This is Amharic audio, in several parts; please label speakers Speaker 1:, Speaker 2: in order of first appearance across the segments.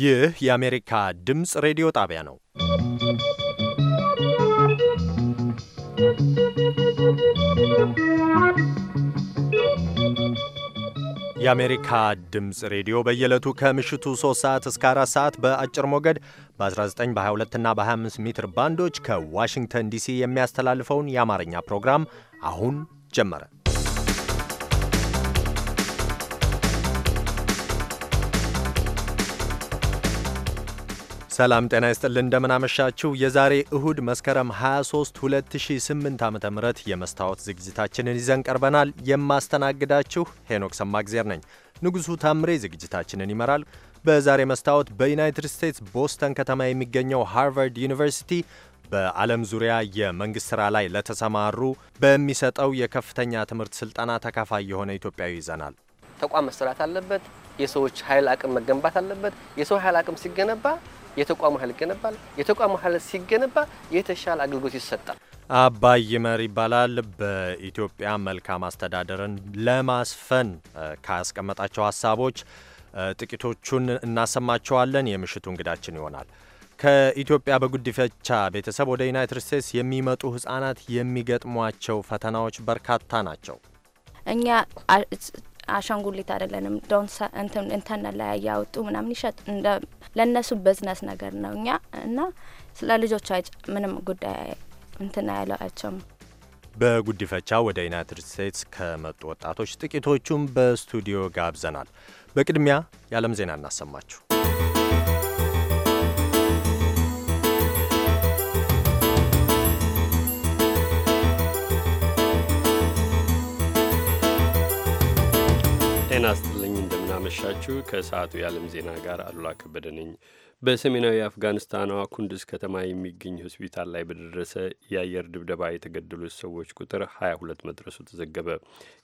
Speaker 1: ይህ የአሜሪካ ድምፅ ሬዲዮ ጣቢያ ነው። የአሜሪካ ድምፅ ሬዲዮ በየዕለቱ ከምሽቱ 3 ሰዓት እስከ 4 ሰዓት በአጭር ሞገድ በ19፣ በ22 እና በ25 ሜትር ባንዶች ከዋሽንግተን ዲሲ የሚያስተላልፈውን የአማርኛ ፕሮግራም አሁን ጀመረ። ሰላም ጤና ይስጥልን እንደምናመሻችሁ። የዛሬ እሁድ መስከረም 23 2008 ዓ ም የመስታወት ዝግጅታችንን ይዘን ቀርበናል። የማስተናግዳችሁ ሄኖክ ሰማግዜር ነኝ። ንጉሡ ታምሬ ዝግጅታችንን ይመራል። በዛሬ መስታወት በዩናይትድ ስቴትስ ቦስተን ከተማ የሚገኘው ሃርቫርድ ዩኒቨርሲቲ በዓለም ዙሪያ የመንግሥት ሥራ ላይ ለተሰማሩ በሚሰጠው የከፍተኛ ትምህርት ሥልጠና ተካፋይ የሆነ ኢትዮጵያዊ ይዘናል።
Speaker 2: ተቋም መሰራት አለበት። የሰዎች ኃይል አቅም መገንባት አለበት። የሰው ኃይል አቅም ሲገነባ የተቋሙ ኃይል ይገነባል። የተቋሙ ኃይል ሲገነባ የተሻለ አገልግሎት ይሰጣል።
Speaker 1: አባይ ይመር ይባላል። በኢትዮጵያ መልካም አስተዳደርን ለማስፈን ካስቀመጣቸው ሀሳቦች ጥቂቶቹን እናሰማቸዋለን። የምሽቱ እንግዳችን ይሆናል። ከኢትዮጵያ በጉዲፈቻ ቤተሰብ ወደ ዩናይትድ ስቴትስ የሚመጡ ህጻናት የሚገጥሟቸው ፈተናዎች በርካታ ናቸው።
Speaker 3: እኛ አሻንጉሊት አይደለንም። ዶንት እንትን ላይ ምናምን ይሸጥ እንደ ለእነሱ ብዝነስ ነገር ነው እኛ እና ስለ ልጆች ምንም ጉዳይ እንትን አይሏቸውም።
Speaker 1: በጉዲፈቻ ወደ ዩናይትድ ስቴትስ ከመጡ ወጣቶች ጥቂቶቹም በስቱዲዮ ጋብዘናል። በቅድሚያ የዓለም ዜና እናሰማችሁ።
Speaker 4: አመሻችሁ። ከሰዓቱ የዓለም ዜና ጋር አሉላ ከበደ ነኝ። በሰሜናዊ አፍጋኒስታኗ ኩንድስ ከተማ የሚገኝ ሆስፒታል ላይ በደረሰ የአየር ድብደባ የተገደሉት ሰዎች ቁጥር 22 መድረሱ ተዘገበ።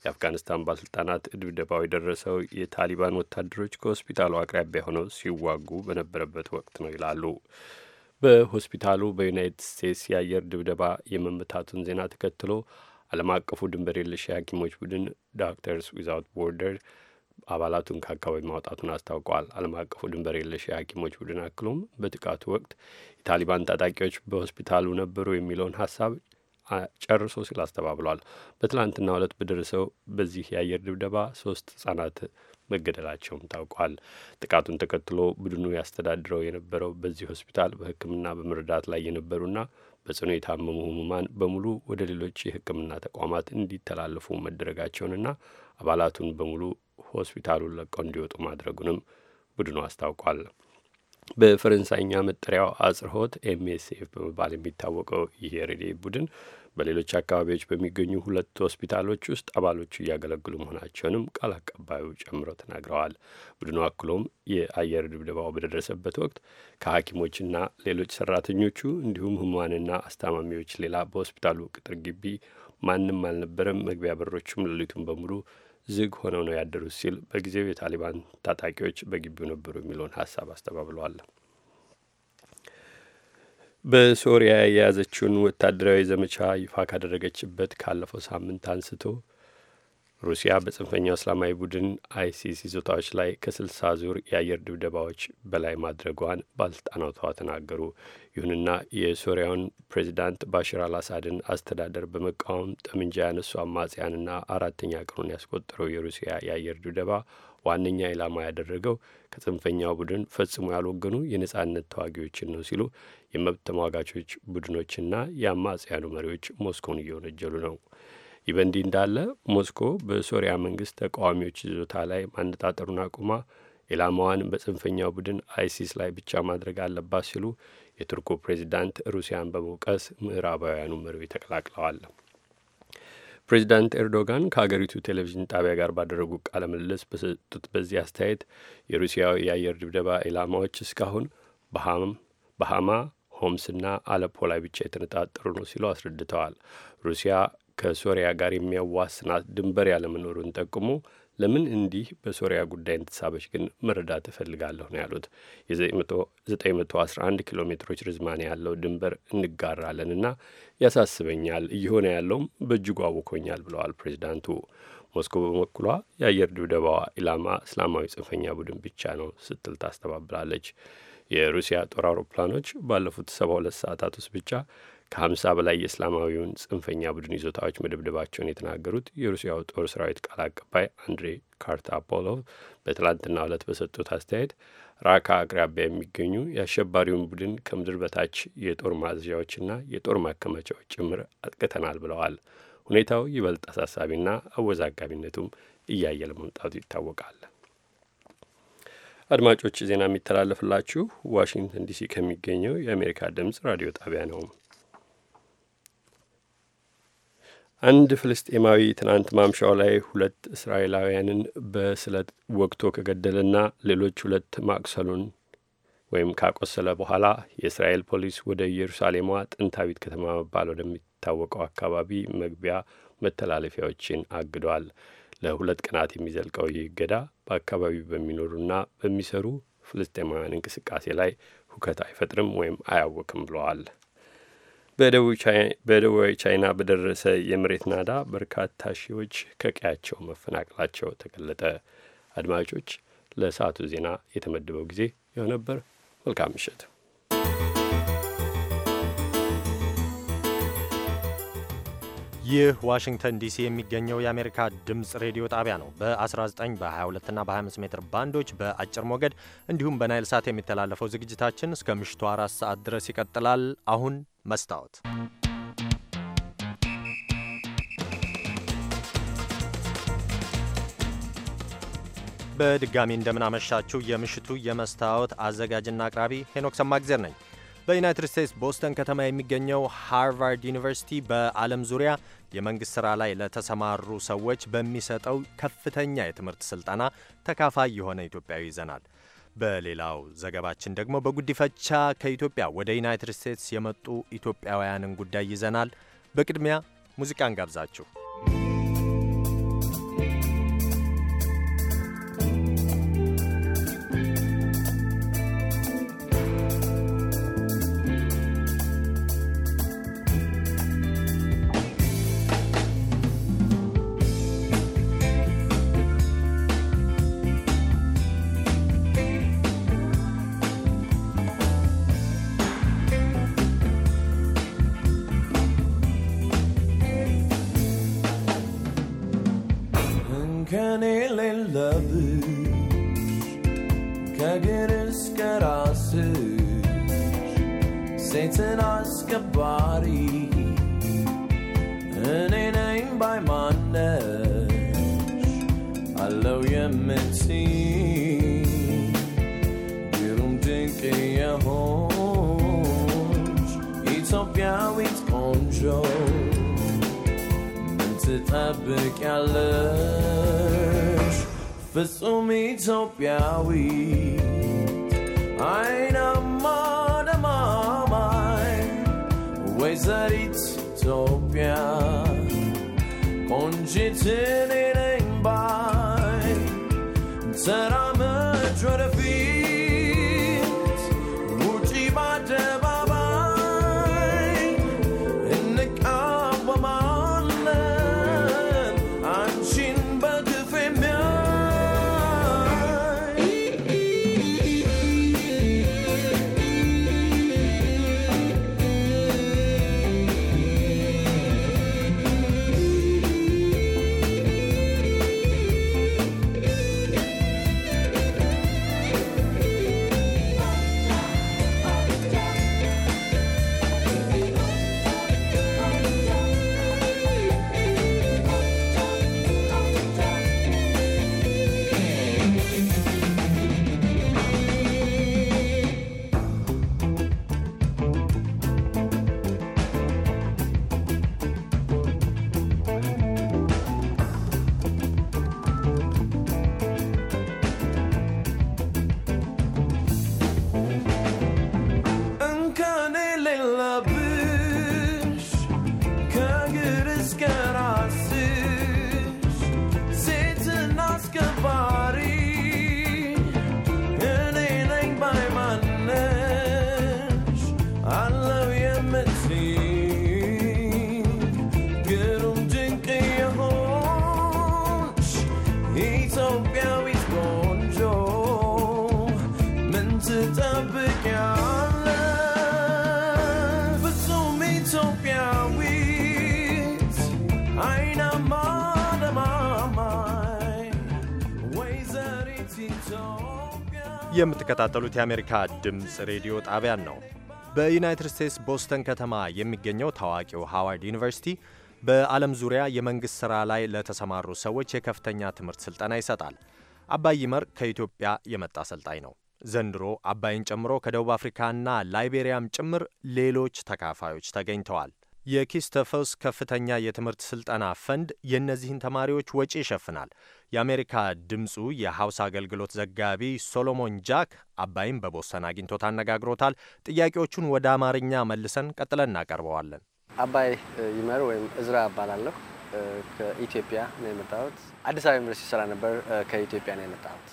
Speaker 4: የአፍጋኒስታን ባለስልጣናት ድብደባው የደረሰው የታሊባን ወታደሮች ከሆስፒታሉ አቅራቢያ ሆነው ሲዋጉ በነበረበት ወቅት ነው ይላሉ። በሆስፒታሉ በዩናይትድ ስቴትስ የአየር ድብደባ የመመታቱን ዜና ተከትሎ ዓለም አቀፉ ድንበር የለሽ የሐኪሞች ቡድን ዶክተርስ ዊዛውት ቦርደር አባላቱን ከአካባቢ ማውጣቱን አስታውቀዋል። ዓለም አቀፉ ድንበር የለሽ የሐኪሞች ቡድን አክሎም በጥቃቱ ወቅት የታሊባን ታጣቂዎች በሆስፒታሉ ነበሩ የሚለውን ሀሳብ ጨርሶ ሲል አስተባብሏል። በትላንትና ዕለት በደረሰው በዚህ የአየር ድብደባ ሶስት ህጻናት መገደላቸውም ታውቋል። ጥቃቱን ተከትሎ ቡድኑ ያስተዳድረው የነበረው በዚህ ሆስፒታል በሕክምና በመረዳት ላይ የነበሩና በጽኑ የታመሙ ህሙማን በሙሉ ወደ ሌሎች የሕክምና ተቋማት እንዲተላለፉ መደረጋቸውንና አባላቱን በሙሉ ሆስፒታሉን ለቀው እንዲወጡ ማድረጉንም ቡድኑ አስታውቋል። በፈረንሳይኛ መጠሪያው አጽርሆት ኤምኤስኤፍ በመባል የሚታወቀው ይህ ረድኤት ቡድን በሌሎች አካባቢዎች በሚገኙ ሁለት ሆስፒታሎች ውስጥ አባሎቹ እያገለግሉ መሆናቸውንም ቃል አቀባዩ ጨምረው ተናግረዋል። ቡድኑ አክሎም የአየር ድብደባው በደረሰበት ወቅት ከሐኪሞችና ሌሎች ሰራተኞቹ እንዲሁም ህሙማንና አስታማሚዎች ሌላ በሆስፒታሉ ቅጥር ግቢ ማንም አልነበረም። መግቢያ በሮቹም ሌሊቱን በሙሉ ዝግ ሆነው ነው ያደሩት ሲል በጊዜው የታሊባን ታጣቂዎች በግቢው ነበሩ የሚለውን ሀሳብ አስተባብለዋል። በሶሪያ የያዘችውን ወታደራዊ ዘመቻ ይፋ ካደረገችበት ካለፈው ሳምንት አንስቶ ሩሲያ በጽንፈኛው እስላማዊ ቡድን አይሲስ ይዞታዎች ላይ ከስልሳ ዙር የአየር ድብደባዎች በላይ ማድረጓን ባለስልጣናቷ ተናገሩ። ይሁንና የሶሪያውን ፕሬዚዳንት ባሽር አልአሳድን አስተዳደር በመቃወም ጠመንጃ ያነሱ አማጽያንና አራተኛ ቀኑን ያስቆጠረው የሩሲያ የአየር ድብደባ ዋነኛ ኢላማ ያደረገው ከጽንፈኛው ቡድን ፈጽሞ ያልወገኑ የነጻነት ተዋጊዎችን ነው ሲሉ የመብት ተሟጋቾች ቡድኖችና የአማጽያኑ መሪዎች ሞስኮን እየወነጀሉ ነው። ይህ በእንዲህ እንዳለ ሞስኮ በሶሪያ መንግስት ተቃዋሚዎች ይዞታ ላይ ማነጣጠሩን አቁማ ኢላማዋን በጽንፈኛው ቡድን አይሲስ ላይ ብቻ ማድረግ አለባት ሲሉ የቱርኩ ፕሬዚዳንት ሩሲያን በመውቀስ ምዕራባውያኑ መርቤ ተቀላቅለዋል። ፕሬዚዳንት ኤርዶጋን ከሀገሪቱ ቴሌቪዥን ጣቢያ ጋር ባደረጉ ቃለ ምልልስ በሰጡት በዚህ አስተያየት የሩሲያ የአየር ድብደባ ኢላማዎች እስካሁን በሀማ ሆምስና አለፖ ላይ ብቻ የተነጣጠሩ ነው ሲሉ አስረድተዋል። ሩሲያ ከሶሪያ ጋር የሚያዋስናት ድንበር ያለመኖሩን ጠቁሞ ለምን እንዲህ በሶሪያ ጉዳይ እንደተሳበች ግን መረዳት እፈልጋለሁ ነው ያሉት። የ911 ኪሎ ሜትሮች ርዝማኔ ያለው ድንበር እንጋራለንና ያሳስበኛል፣ እየሆነ ያለውም በእጅጉ አውኮኛል ብለዋል ፕሬዚዳንቱ። ሞስኮ በበኩሏ የአየር ድብደባዋ ኢላማ እስላማዊ ጽንፈኛ ቡድን ብቻ ነው ስትል ታስተባብላለች። የሩሲያ ጦር አውሮፕላኖች ባለፉት 72 ሰዓታት ውስጥ ብቻ ከሀምሳ በላይ የእስላማዊውን ጽንፈኛ ቡድን ይዞታዎች መደብደባቸውን የተናገሩት የሩሲያው ጦር ሰራዊት ቃል አቀባይ አንድሬ ካርታፖሎቭ በትላንትና ዕለት በሰጡት አስተያየት ራካ አቅራቢያ የሚገኙ የአሸባሪውን ቡድን ከምድር በታች የጦር ማዘዣዎችና የጦር ማከማቻዎች ጭምር አጥቅተናል ብለዋል። ሁኔታው ይበልጥ አሳሳቢና አወዛጋቢነቱም እያየለ መምጣቱ ይታወቃል። አድማጮች ዜና የሚተላለፍላችሁ ዋሽንግተን ዲሲ ከሚገኘው የአሜሪካ ድምጽ ራዲዮ ጣቢያ ነው። አንድ ፍልስጤማዊ ትናንት ማምሻው ላይ ሁለት እስራኤላውያንን በስለት ወቅቶ ከገደለና ሌሎች ሁለት ማቁሰሉን ወይም ካቆሰለ በኋላ የእስራኤል ፖሊስ ወደ ኢየሩሳሌሟ ጥንታዊት ከተማ መባል ወደሚታወቀው አካባቢ መግቢያ መተላለፊያዎችን አግዷል። ለሁለት ቀናት የሚዘልቀው ይህ እገዳ በአካባቢው በሚኖሩና በሚሰሩ ፍልስጤማውያን እንቅስቃሴ ላይ ሁከት አይፈጥርም ወይም አያወክም ብለዋል። በደቡባዊ ቻይና በደረሰ የመሬት ናዳ በርካታ ሺዎች ከቀያቸው መፈናቀላቸው ተገለጠ። አድማጮች፣ ለሰዓቱ ዜና የተመደበው ጊዜ ይኸው ነበር። መልካም ምሽት።
Speaker 1: ይህ ዋሽንግተን ዲሲ የሚገኘው የአሜሪካ ድምፅ ሬዲዮ ጣቢያ ነው። በ19 በ22 እና በ25 ሜትር ባንዶች በአጭር ሞገድ እንዲሁም በናይል ሳት የሚተላለፈው ዝግጅታችን እስከ ምሽቱ አራት ሰዓት ድረስ ይቀጥላል። አሁን መስታወት በድጋሚ እንደምናመሻችሁ የምሽቱ የመስታወት አዘጋጅና አቅራቢ ሄኖክ ሰማግዜር ነኝ። በዩናይትድ ስቴትስ ቦስተን ከተማ የሚገኘው ሃርቫርድ ዩኒቨርሲቲ በዓለም ዙሪያ የመንግሥት ሥራ ላይ ለተሰማሩ ሰዎች በሚሰጠው ከፍተኛ የትምህርት ሥልጠና ተካፋይ የሆነ ኢትዮጵያዊ ይዘናል። በሌላው ዘገባችን ደግሞ በጉዲፈቻ ከኢትዮጵያ ወደ ዩናይትድ ስቴትስ የመጡ ኢትዮጵያውያንን ጉዳይ ይዘናል። በቅድሚያ ሙዚቃን ጋብዛችሁ የምትከታተሉት የአሜሪካ ድምፅ ሬዲዮ ጣቢያን ነው። በዩናይትድ ስቴትስ ቦስተን ከተማ የሚገኘው ታዋቂው ሃዋርድ ዩኒቨርሲቲ በዓለም ዙሪያ የመንግሥት ሥራ ላይ ለተሰማሩ ሰዎች የከፍተኛ ትምህርት ሥልጠና ይሰጣል። አባይ ይመር ከኢትዮጵያ የመጣ አሰልጣኝ ነው። ዘንድሮ አባይን ጨምሮ ከደቡብ አፍሪካና ላይቤሪያም ጭምር ሌሎች ተካፋዮች ተገኝተዋል። የኪስተፈስ ከፍተኛ የትምህርት ሥልጠና ፈንድ የእነዚህን ተማሪዎች ወጪ ይሸፍናል። የአሜሪካ ድምፁ የሐውሳ አገልግሎት ዘጋቢ ሶሎሞን ጃክ አባይም በቦሰን አግኝቶት አነጋግሮታል። ጥያቄዎቹን ወደ አማርኛ መልሰን ቀጥለን እናቀርበዋለን።
Speaker 2: አባይ ይመር ወይም እዝራ እባላለሁ። ከኢትዮጵያ ነው የመጣሁት። አዲስ አበባ ዩኒቨርሲቲ ስራ ነበር። ከኢትዮጵያ ነው የመጣሁት።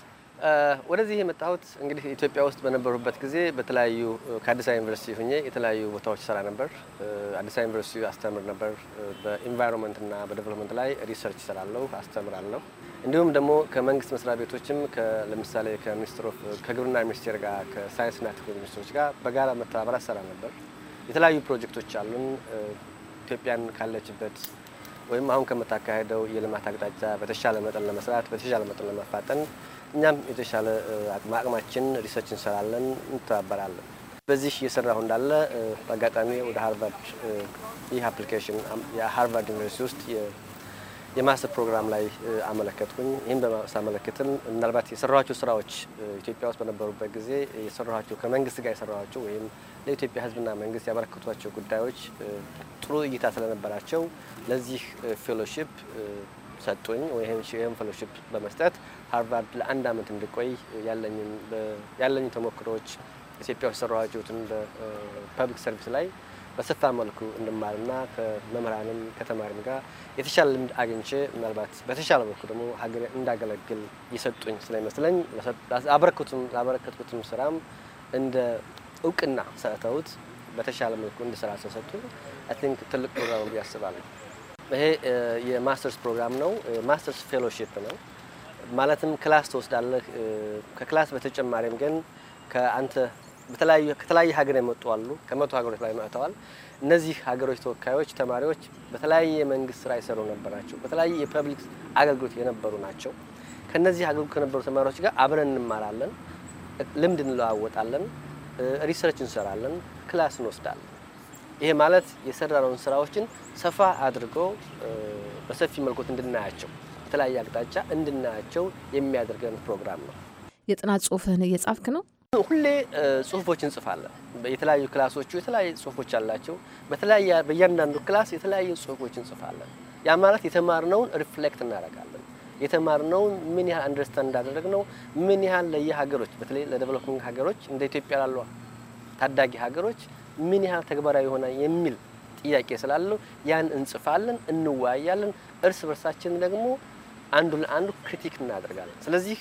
Speaker 2: ወደዚህ የመጣሁት እንግዲህ ኢትዮጵያ ውስጥ በነበሩበት ጊዜ በተለያዩ ከአዲስ አበባ ዩኒቨርሲቲ ሁኜ የተለያዩ ቦታዎች ሰራ ነበር። አዲስ አበባ ዩኒቨርሲቲ አስተምር ነበር። በኢንቫይሮንመንትና እና በዴቨሎፕመንት ላይ ሪሰርች ሰራለሁ፣ አስተምራለሁ። እንዲሁም ደግሞ ከመንግስት መስሪያ ቤቶችም ለምሳሌ ከሚኒስትሮ ከግብርና ሚኒስቴር ጋር ከሳይንስና ቴክኖሎጂ ሚኒስትሮች ጋር በጋራ መተባበር ሰራ ነበር። የተለያዩ ፕሮጀክቶች አሉን። ኢትዮጵያን ካለችበት ወይም አሁን ከምታካሄደው የልማት አቅጣጫ በተሻለ መጠን ለመስራት በተሻለ መጠን ለመፋጠን እኛም የተሻለ አቅማችን ሪሰርች እንሰራለን፣ እንተባበራለን። በዚህ እየሰራሁ እንዳለ በአጋጣሚ ወደ ሃርቫርድ ይህ አፕሊኬሽን የሃርቫርድ ዩኒቨርሲቲ ውስጥ የማስተር ፕሮግራም ላይ አመለከትኩኝ። ይህም ሳመለክትም ምናልባት የሰራኋቸው ስራዎች ኢትዮጵያ ውስጥ በነበሩበት ጊዜ የሰራኋቸው ከመንግስት ጋር የሰራኋቸው ወይም ለኢትዮጵያ ሕዝብና መንግስት ያበረከቷቸው ጉዳዮች ጥሩ እይታ ስለነበራቸው ለዚህ ፌሎሺፕ ሰጡኝ። ወይም ፌሎሺፕ በመስጠት ሃርቫርድ ለአንድ ዓመት እንድቆይ ያለኝ ተሞክሮዎች ኢትዮጵያ ውስጥ ስራዋችሁትን በፐብሊክ ሰርቪስ ላይ በሰፋ መልኩ እንድማርና ከመምህራንም ከተማሪም ጋር የተሻለ ልምድ አግኝቼ ምናልባት በተሻለ መልኩ ደግሞ ሀገር እንዳገለግል እየሰጡኝ ስለሚመስለኝ ላበረከትኩትም ስራም እንደ እውቅና ሰጥተውት በተሻለ መልኩ እንድሰራ ስለሰጡ አይ ቲንክ ትልቅ ፕሮግራም ብዬ አስባለሁ። ይሄ የማስተርስ ፕሮግራም ነው። ማስተርስ ፌሎሺፕ ነው። ማለትም ክላስ ትወስዳለህ። ከክላስ በተጨማሪም ግን ከአንተ ከተለያየ ሀገር የመጡ አሉ። ከመቶ ሀገሮች ላይ መጥተዋል። እነዚህ ሀገሮች ተወካዮች ተማሪዎች በተለያየ የመንግስት ስራ የሰሩ ነበር ናቸው። በተለያየ የፐብሊክ አገልግሎት የነበሩ ናቸው። ከነዚህ አገልግሎት ከነበሩ ተማሪዎች ጋር አብረን እንማራለን፣ ልምድ እንለዋወጣለን፣ ሪሰርች እንሰራለን፣ ክላስ እንወስዳለን። ይሄ ማለት የሰራነውን ስራዎችን ሰፋ አድርጎ በሰፊ መልኩት እንድናያቸው በተለያየ አቅጣጫ እንድናያቸው የሚያደርገን ፕሮግራም ነው።
Speaker 5: የጥናት ጽሁፍህን እየጻፍክ ነው?
Speaker 2: ሁሌ ጽሁፎች እንጽፋለን። የተለያዩ ክላሶቹ የተለያዩ ጽሁፎች አላቸው። በተለያየ በእያንዳንዱ ክላስ የተለያዩ ጽሁፎች እንጽፋለን። ያ ማለት የተማርነውን ሪፍሌክት እናደርጋለን። የተማርነውን ምን ያህል አንደርስታንድ እንዳደረግነው ምን ያህል ለየ ሀገሮች በተለይ ለዴቨሎፒንግ ሀገሮች እንደ ኢትዮጵያ ላሉ ታዳጊ ሀገሮች ምን ያህል ተግባራዊ የሆነ የሚል ጥያቄ ስላለው ያን እንጽፋለን፣ እንወያያለን። እርስ በርሳችን ደግሞ አንዱ ለአንዱ ክሪቲክ እናደርጋለን። ስለዚህ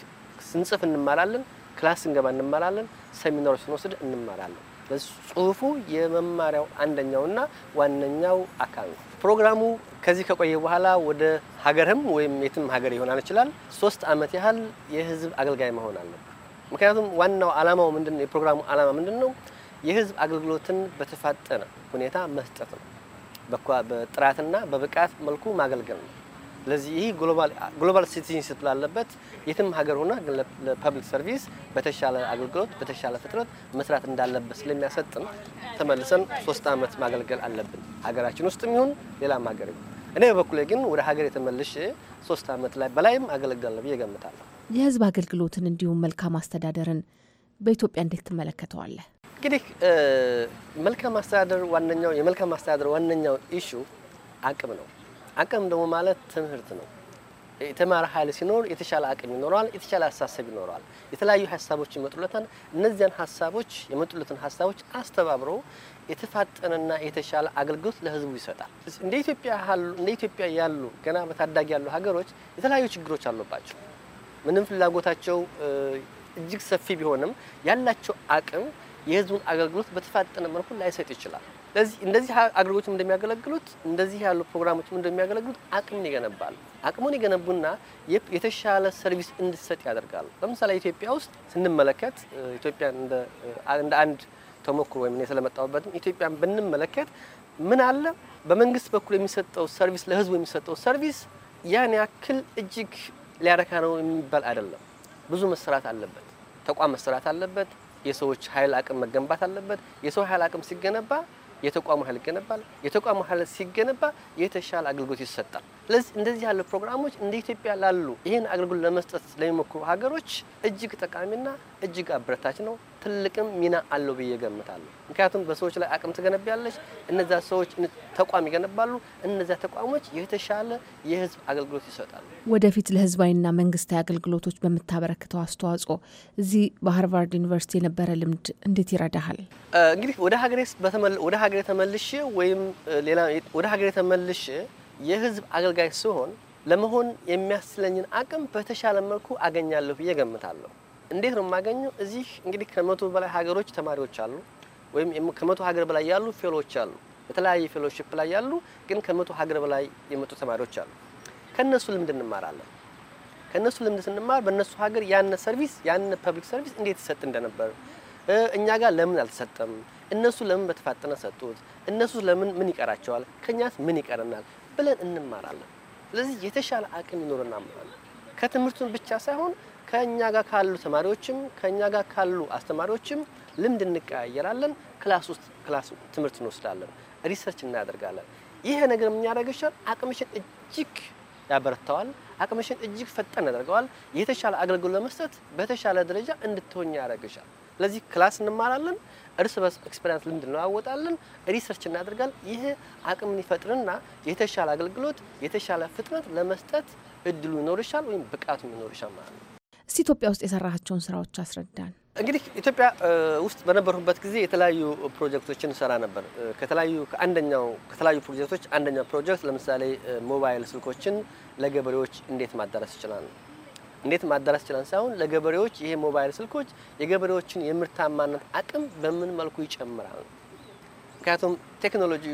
Speaker 2: ስንጽፍ እንማላለን ክላስ ስንገባ እንማላለን ሰሚናር ስንወስድ እንማላለን። ስለዚህ ጽሁፉ የመማሪያው አንደኛውና ዋነኛው አካል ነው። ፕሮግራሙ ከዚህ ከቆየ በኋላ ወደ ሀገርም ወይም የትም ሀገር ይሆናል ይችላል ሶስት ዓመት ያህል የህዝብ አገልጋይ መሆን አለብህ። ምክንያቱም ዋናው አላማው ምንድን ነው? የፕሮግራሙ ዓላማ ምንድን ነው? የህዝብ አገልግሎትን በተፋጠነ ሁኔታ መስጠት ነው። በጥራትና በብቃት መልኩ ማገልገል ነው። ስለዚህ ይህ ግሎባል ሲቲዝንሽፕ ላለበት የትም ሀገር ሆና ግን ለፐብሊክ ሰርቪስ በተሻለ አገልግሎት በተሻለ ፍጥነት መስራት እንዳለበት ስለሚያሰጥን ተመልሰን ሶስት ዓመት ማገልገል አለብን። ሀገራችን ውስጥም ይሁን ሌላም ሀገር ይሁን። እኔ በበኩሌ ግን ወደ ሀገር የተመልሼ ሶስት ዓመት ላይ በላይም አገለግላለሁ ብዬ እገምታለሁ።
Speaker 5: የህዝብ አገልግሎትን እንዲሁም መልካም አስተዳደርን በኢትዮጵያ እንዴት ትመለከተዋለህ?
Speaker 2: እንግዲህ መልካም አስተዳደር ዋነኛው የመልካም አስተዳደር ዋነኛው ኢሹ አቅም ነው። አቅም ደግሞ ማለት ትምህርት ነው። የተማረ ኃይል ሲኖር የተሻለ አቅም ይኖረዋል፣ የተሻለ ሀሳብ ይኖረዋል። የተለያዩ ሀሳቦች ይመጡለታል። እነዚያን ሀሳቦች የመጡለትን ሀሳቦች አስተባብሮ የተፋጠነና የተሻለ አገልግሎት ለህዝቡ ይሰጣል። እንደ ኢትዮጵያ እንደ ኢትዮጵያ ያሉ ገና በታዳጊ ያሉ ሀገሮች የተለያዩ ችግሮች አሉባቸው። ምንም ፍላጎታቸው እጅግ ሰፊ ቢሆንም ያላቸው አቅም የህዝቡን አገልግሎት በተፋጠነ መልኩ ላይሰጥ ይችላል። እንደዚህ አገልግሎችም እንደሚያገለግሉት እንደዚህ ያሉ ፕሮግራሞችም እንደሚያገለግሉት አቅምን ይገነባል። አቅሙን ይገነቡና የተሻለ ሰርቪስ እንድሰጥ ያደርጋል። ለምሳሌ ኢትዮጵያ ውስጥ ስንመለከት ኢትዮጵያ እንደ አንድ ተሞክሮ ወይም ስለመጣሁበትም ኢትዮጵያን ብንመለከት ምን አለ በመንግስት በኩል የሚሰጠው ሰርቪስ ለህዝቡ የሚሰጠው ሰርቪስ ያን ያክል እጅግ ሊያረካ ነው የሚባል አይደለም። ብዙ መሰራት አለበት፣ ተቋም መሰራት አለበት፣ የሰዎች ኃይል አቅም መገንባት አለበት። የሰው ኃይል አቅም ሲገነባ የተቋሙ ኃይል ይገነባል። የተቋሙ ኃይል ሲገነባ የተሻለ አገልግሎት ይሰጣል። ስለዚህ እንደዚህ ያለ ፕሮግራሞች እንደ ኢትዮጵያ ላሉ ይህን አገልግሎት ለመስጠት ለሚሞክሩ ሀገሮች እጅግ ጠቃሚና እጅግ አበረታች ነው። ትልቅም ሚና አለው ብዬ ገምታለሁ። ምክንያቱም በሰዎች ላይ አቅም ትገነቢያለች፣ እነዛ ሰዎች ተቋም ይገነባሉ፣ እነዚያ ተቋሞች የተሻለ የህዝብ አገልግሎት ይሰጣሉ።
Speaker 5: ወደፊት ለህዝባዊና መንግስታዊ አገልግሎቶች በምታበረክተው አስተዋጽኦ እዚህ በሀርቫርድ ዩኒቨርሲቲ የነበረ ልምድ እንዴት ይረዳሃል?
Speaker 2: እንግዲህ ወደ ሀገሬ ተመልሼ ወይም ሌላ ወደ ሀገሬ ተመልሼ የህዝብ አገልጋይ ስሆን ለመሆን የሚያስችለኝን አቅም በተሻለ መልኩ አገኛለሁ ብዬ ገምታለሁ። እንዴት ነው የማገኘው? እዚህ እንግዲህ ከመቶ በላይ ሀገሮች ተማሪዎች አሉ፣ ወይም ከመቶ ሀገር በላይ ያሉ ፌሎዎች አሉ። በተለያየ ፌሎሽፕ ላይ ያሉ ግን ከመቶ ሀገር በላይ የመጡ ተማሪዎች አሉ። ከእነሱ ልምድ እንማራለን። ከእነሱ ልምድ ስንማር በእነሱ ሀገር ያነ ሰርቪስ ያነ ፐብሊክ ሰርቪስ እንዴት ይሰጥ እንደነበር እኛ ጋር ለምን አልተሰጠም? እነሱ ለምን በተፋጠነ ሰጡት? እነሱ ለምን ምን ይቀራቸዋል? ከኛስ ምን ይቀረናል? ብለን እንማራለን። ስለዚህ የተሻለ አቅም ይኖረን እናምናለን። ከትምህርቱን ብቻ ሳይሆን ከእኛ ጋር ካሉ ተማሪዎችም ከእኛ ጋር ካሉ አስተማሪዎችም ልምድ እንቀያየራለን። ክላስ ውስጥ ክላስ ትምህርት እንወስዳለን፣ ሪሰርች እናደርጋለን። ይሄ ነገር የሚያደርግሻል አቅምሽን እጅግ ያበረታዋል። አቅምሽን እጅግ ፈጣን ያደርገዋል። የተሻለ አገልግሎት ለመስጠት በተሻለ ደረጃ እንድትሆኝ ያደርግሻል። ስለዚህ ክላስ እንማራለን። እርስ በርስ ኤክስፐሪንስ ልምድ እንለዋወጣለን፣ ሪሰርች እናደርጋለን። ይህ አቅምን ይፈጥርና የተሻለ አገልግሎት የተሻለ ፍጥነት ለመስጠት እድሉ ይኖርሻል ወይም ብቃቱ ይኖርሻል ማለት ነው።
Speaker 5: እስቲ ኢትዮጵያ ውስጥ የሰራቸውን ስራዎች አስረዳን።
Speaker 2: እንግዲህ ኢትዮጵያ ውስጥ በነበርሁበት ጊዜ የተለያዩ ፕሮጀክቶችን ሰራ ነበር። ከተለያዩ ከአንደኛው ከተለያዩ ፕሮጀክቶች አንደኛው ፕሮጀክት ለምሳሌ ሞባይል ስልኮችን ለገበሬዎች እንዴት ማዳረስ ይችላል እንዴት ማዳረስ ይችላል ሳይሆን ለገበሬዎች ይሄ ሞባይል ስልኮች የገበሬዎችን የምርታማነት አቅም በምን መልኩ ይጨምራል? ምክንያቱም ቴክኖሎጂ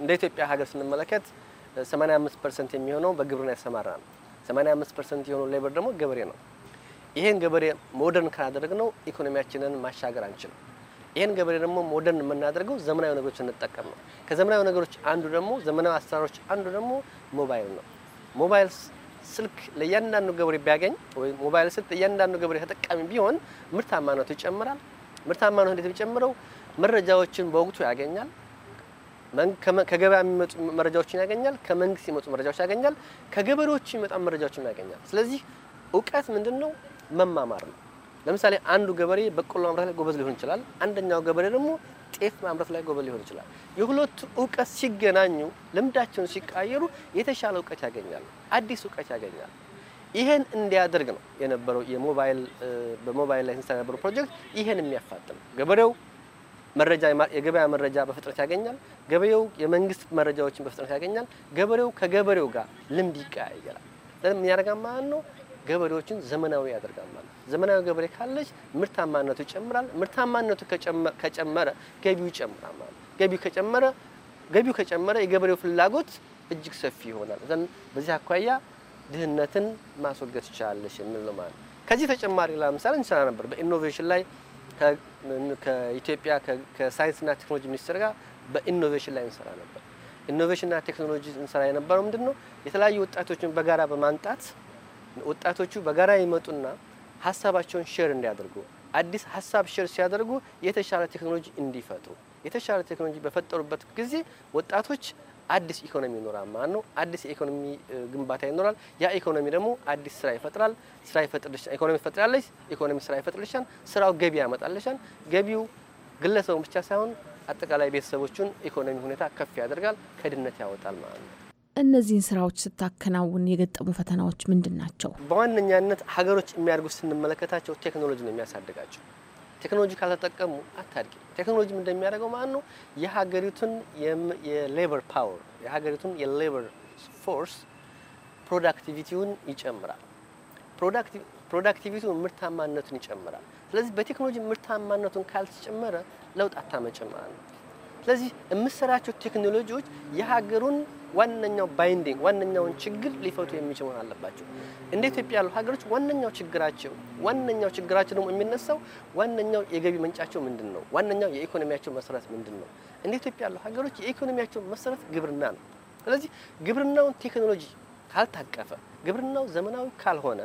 Speaker 2: እንደ ኢትዮጵያ ሀገር ስንመለከት 85 ፐርሰንት የሚሆነው በግብርና የተሰማራ ነው። 85 ፐርሰንት የሆነው ሌበር ደግሞ ገበሬ ነው። ይህን ገበሬ ሞደርን ካላደረግነው ኢኮኖሚያችንን ማሻገር አንችልም። ይህን ገበሬ ደግሞ ሞደርን የምናደርገው ዘመናዊ ነገሮች እንጠቀም ነው። ከዘመናዊ ነገሮች አንዱ ደግሞ ዘመናዊ አሰራሮች አንዱ ደግሞ ሞባይል ነው። ሞባይል ስልክ ለእያንዳንዱ ገበሬ ቢያገኝ ወይም ሞባይል ስልክ ለእያንዳንዱ ገበሬ ተጠቃሚ ቢሆን ምርታማነቱ ይጨምራል። ምርታማነቱ እንዴት የሚጨምረው? መረጃዎችን በወቅቱ ያገኛል። ከገበያ የሚመጡ መረጃዎችን ያገኛል። ከመንግስት የሚመጡ መረጃዎች ያገኛል። ከገበሬዎች የሚመጣ መረጃዎችን ያገኛል። ስለዚህ እውቀት ምንድን ነው? መማማር ነው። ለምሳሌ አንዱ ገበሬ በቆሎ ማምረት ላይ ጎበዝ ሊሆን ይችላል። አንደኛው ገበሬ ደግሞ ጤፍ ማምረት ላይ ጎበል ሊሆን ይችላል። የሁለቱ እውቀት ሲገናኙ፣ ልምዳቸውን ሲቃየሩ የተሻለ እውቀት ያገኛሉ፣ አዲስ እውቀት ያገኛሉ። ይሄን እንዲያደርግ ነው የነበረው የሞባይል በሞባይል ላይ ስንሰራ የነበረው ፕሮጀክት ይሄን የሚያፋጥም ገበሬው መረጃ የገበያ መረጃ በፍጥነት ያገኛል። ገበሬው የመንግስት መረጃዎችን በፍጥነት ያገኛል። ገበሬው ከገበሬው ጋር ልምድ ይቀያየራል። ለምን ያደርጋል ማለት ነው ገበሬዎችን ዘመናዊ ያደርጋል ማለት ዘመናዊ ገበሬ ካለች ምርታማነቱ ይጨምራል። ምርታማነቱ ከጨመረ ገቢው ይጨምራል ማለት ገቢው ከጨመረ ገቢው ከጨመረ የገበሬው ፍላጎት እጅግ ሰፊ ይሆናል። ዘን በዚህ አኳያ ድህነትን ማስወገድ ትችላለች እንለው ማለት ነው። ከዚህ ተጨማሪ ለምሳሌ እንሰራ ነበር በኢኖቬሽን ላይ ከኢትዮጵያ ከሳይንስና ቴክኖሎጂ ሚኒስቴር ጋር በኢኖቬሽን ላይ እንሰራ ነበር። ኢኖቬሽንና ቴክኖሎጂ እንሰራ የነበረው ምንድን ነው? የተለያዩ ወጣቶችን በጋራ በማንጣት ወጣቶቹ በጋራ ይመጡና ሀሳባቸውን ሼር እንዲያደርጉ አዲስ ሀሳብ ሼር ሲያደርጉ የተሻለ ቴክኖሎጂ እንዲፈጥሩ የተሻለ ቴክኖሎጂ በፈጠሩበት ጊዜ ወጣቶች አዲስ ኢኮኖሚ ይኖራል ማለት ነው። አዲስ የኢኮኖሚ ግንባታ ይኖራል። ያ ኢኮኖሚ ደግሞ አዲስ ስራ ይፈጥራል። ስራ ይፈጥርልሻል። ኢኮኖሚ ይፈጥራለች። ኢኮኖሚ ስራ ይፈጥርልሻል። ስራው ገቢ ያመጣልሻል። ገቢው ግለሰቡን ብቻ ሳይሆን አጠቃላይ ቤተሰቦቹን ኢኮኖሚ ሁኔታ ከፍ ያደርጋል፣ ከድነት ያወጣል ማለት ነው።
Speaker 5: እነዚህን ስራዎች ስታከናውን የገጠሙ ፈተናዎች ምንድን ናቸው?
Speaker 2: በዋነኛነት ሀገሮች የሚያድጉት ስንመለከታቸው ቴክኖሎጂ ነው የሚያሳድጋቸው። ቴክኖሎጂ ካልተጠቀሙ አታድጊ። ቴክኖሎጂም እንደሚያደርገው ማለት ነው የሀገሪቱን የሌበር ፓወር የሀገሪቱን የሌበር ፎርስ ፕሮዳክቲቪቲውን ይጨምራል። ፕሮዳክቲቪቲውን ምርታማነቱን ይጨምራል። ስለዚህ በቴክኖሎጂ ምርታማነቱን ካልተጨመረ ለውጥ አታመጭም ማለት ነው። ስለዚህ የምሰራቸው ቴክኖሎጂዎች የሀገሩን ዋነኛው ባይንዲንግ ዋነኛውን ችግር ሊፈቱ የሚችል መሆን አለባቸው። እንደ ኢትዮጵያ ያሉ ሀገሮች ዋነኛው ችግራቸው ዋነኛው ችግራቸው ደግሞ የሚነሳው ዋነኛው የገቢ ምንጫቸው ምንድን ነው? ዋነኛው የኢኮኖሚያቸው መሰረት ምንድን ነው? እንደ ኢትዮጵያ ያሉ ሀገሮች የኢኮኖሚያቸው መሰረት ግብርና ነው። ስለዚህ ግብርናውን ቴክኖሎጂ ካልታቀፈ፣ ግብርናው ዘመናዊ ካልሆነ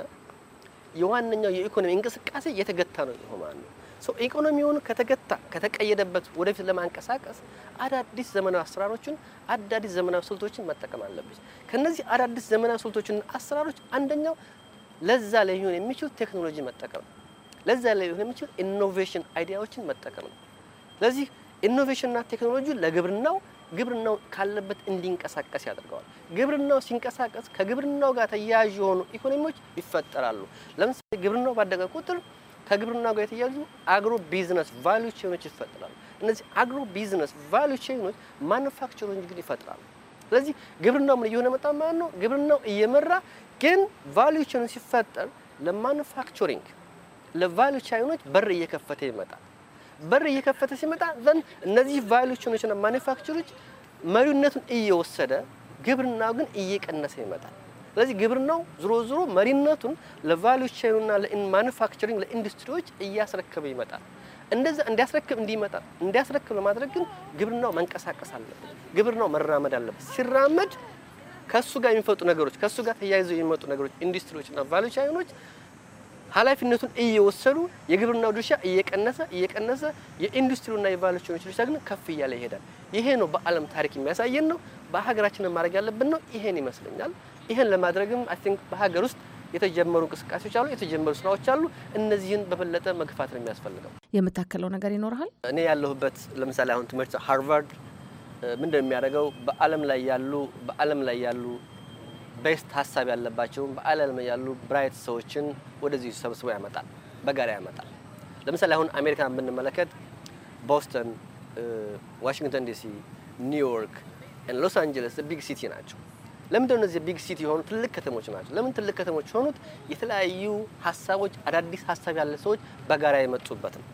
Speaker 2: የዋነኛው የኢኮኖሚ እንቅስቃሴ የተገታ ነው ነው። ሰው ኢኮኖሚውን ከተገታ ከተቀየደበት ወደፊት ለማንቀሳቀስ አዳዲስ ዘመናዊ አሰራሮችን አዳዲስ ዘመናዊ ስልቶችን መጠቀም አለብች። ከነዚህ አዳዲስ ዘመናዊ ስልቶችና አሰራሮች አንደኛው ለዛ ሊሆን የሚችል ቴክኖሎጂ መጠቀም ነው። ለዛ ሊሆን የሚችል ኢኖቬሽን አይዲያዎችን መጠቀም ነው። ስለዚህ ኢኖቬሽንና ቴክኖሎጂ ለግብርናው ግብርናው ካለበት እንዲንቀሳቀስ ያደርገዋል። ግብርናው ሲንቀሳቀስ ከግብርናው ጋር ተያያዥ የሆኑ ኢኮኖሚዎች ይፈጠራሉ። ለምሳሌ ግብርናው ባደገ ቁጥር ከግብርና ጋር የተያያዙ አግሮ ቢዝነስ ቫልዩ ቼኖች ይፈጥራሉ። እነዚህ አግሮ ቢዝነስ ቫልዩ ቼኖች ማኑፋክቸሪንግ ግን ይፈጥራሉ። ስለዚህ ግብርናው ምን እየሆነ መጣ ማለት ነው? ግብርናው እየመራ ግን ቫልዩ ቼኑ ሲፈጠር ለማኑፋክቸሪንግ ለቫልዩ ቼኖች በር እየከፈተ ይመጣል። በር እየከፈተ ሲመጣ ዘን እነዚህ ቫልዩ ቼኖችና ማኑፋክቸሮች መሪነቱን እየወሰደ ግብርናው ግን እየቀነሰ ይመጣል። ስለዚህ ግብርናው ዝሮ ዝሮ መሪነቱን ለቫሊዩ ቼኑና ለማኑፋክቸሪንግ ለኢንዱስትሪዎች እያስረከበ ይመጣል። እንደዛ እንዲያስረክብ እንዲመጣ እንዲያስረክብ ለማድረግ ግን ግብርናው መንቀሳቀስ አለበት። ግብርናው መራመድ አለበት። ሲራመድ ከሱ ጋር የሚፈጡ ነገሮች ከሱ ጋር ተያይዘው የሚመጡ ነገሮች ኢንዱስትሪዎችና ቫሉ ቼኖች ኃላፊነቱን እየወሰዱ የግብርናው ድርሻ እየቀነሰ እየቀነሰ የኢንዱስትሪውና የቫሉ ቼኖች ድርሻ ግን ከፍ እያለ ይሄዳል። ይሄ ነው በዓለም ታሪክ የሚያሳየን ነው። በሀገራችን ማድረግ ያለብን ነው። ይሄን ይመስለኛል። ይህን ለማድረግም አይ ቲንክ በሀገር ውስጥ የተጀመሩ እንቅስቃሴዎች አሉ፣ የተጀመሩ ስራዎች አሉ። እነዚህን በበለጠ መግፋት ነው የሚያስፈልገው።
Speaker 5: የምታከለው ነገር ይኖርሃል?
Speaker 2: እኔ ያለሁበት ለምሳሌ አሁን ትምህርት ሃርቫርድ ምንድን የሚያደርገው በዓለም ላይ ያሉ በዓለም ላይ ያሉ ቤስት ሀሳብ ያለባቸውን በዓለም ያሉ ብራይት ሰዎችን ወደዚህ ሰብስቦ ያመጣል፣ በጋራ ያመጣል። ለምሳሌ አሁን አሜሪካን ብንመለከት ቦስተን፣ ዋሽንግተን ዲሲ፣ ኒውዮርክ፣ ሎስ አንጀለስ ቢግ ሲቲ ናቸው። ለምንድነው እነዚህ ቢግ ሲቲ የሆኑ ትልቅ ከተሞች ናቸው? ለምን ትልቅ ከተሞች የሆኑት? የተለያዩ ሀሳቦች፣ አዳዲስ ሀሳብ ያለ ሰዎች በጋራ የመጡበት ነው።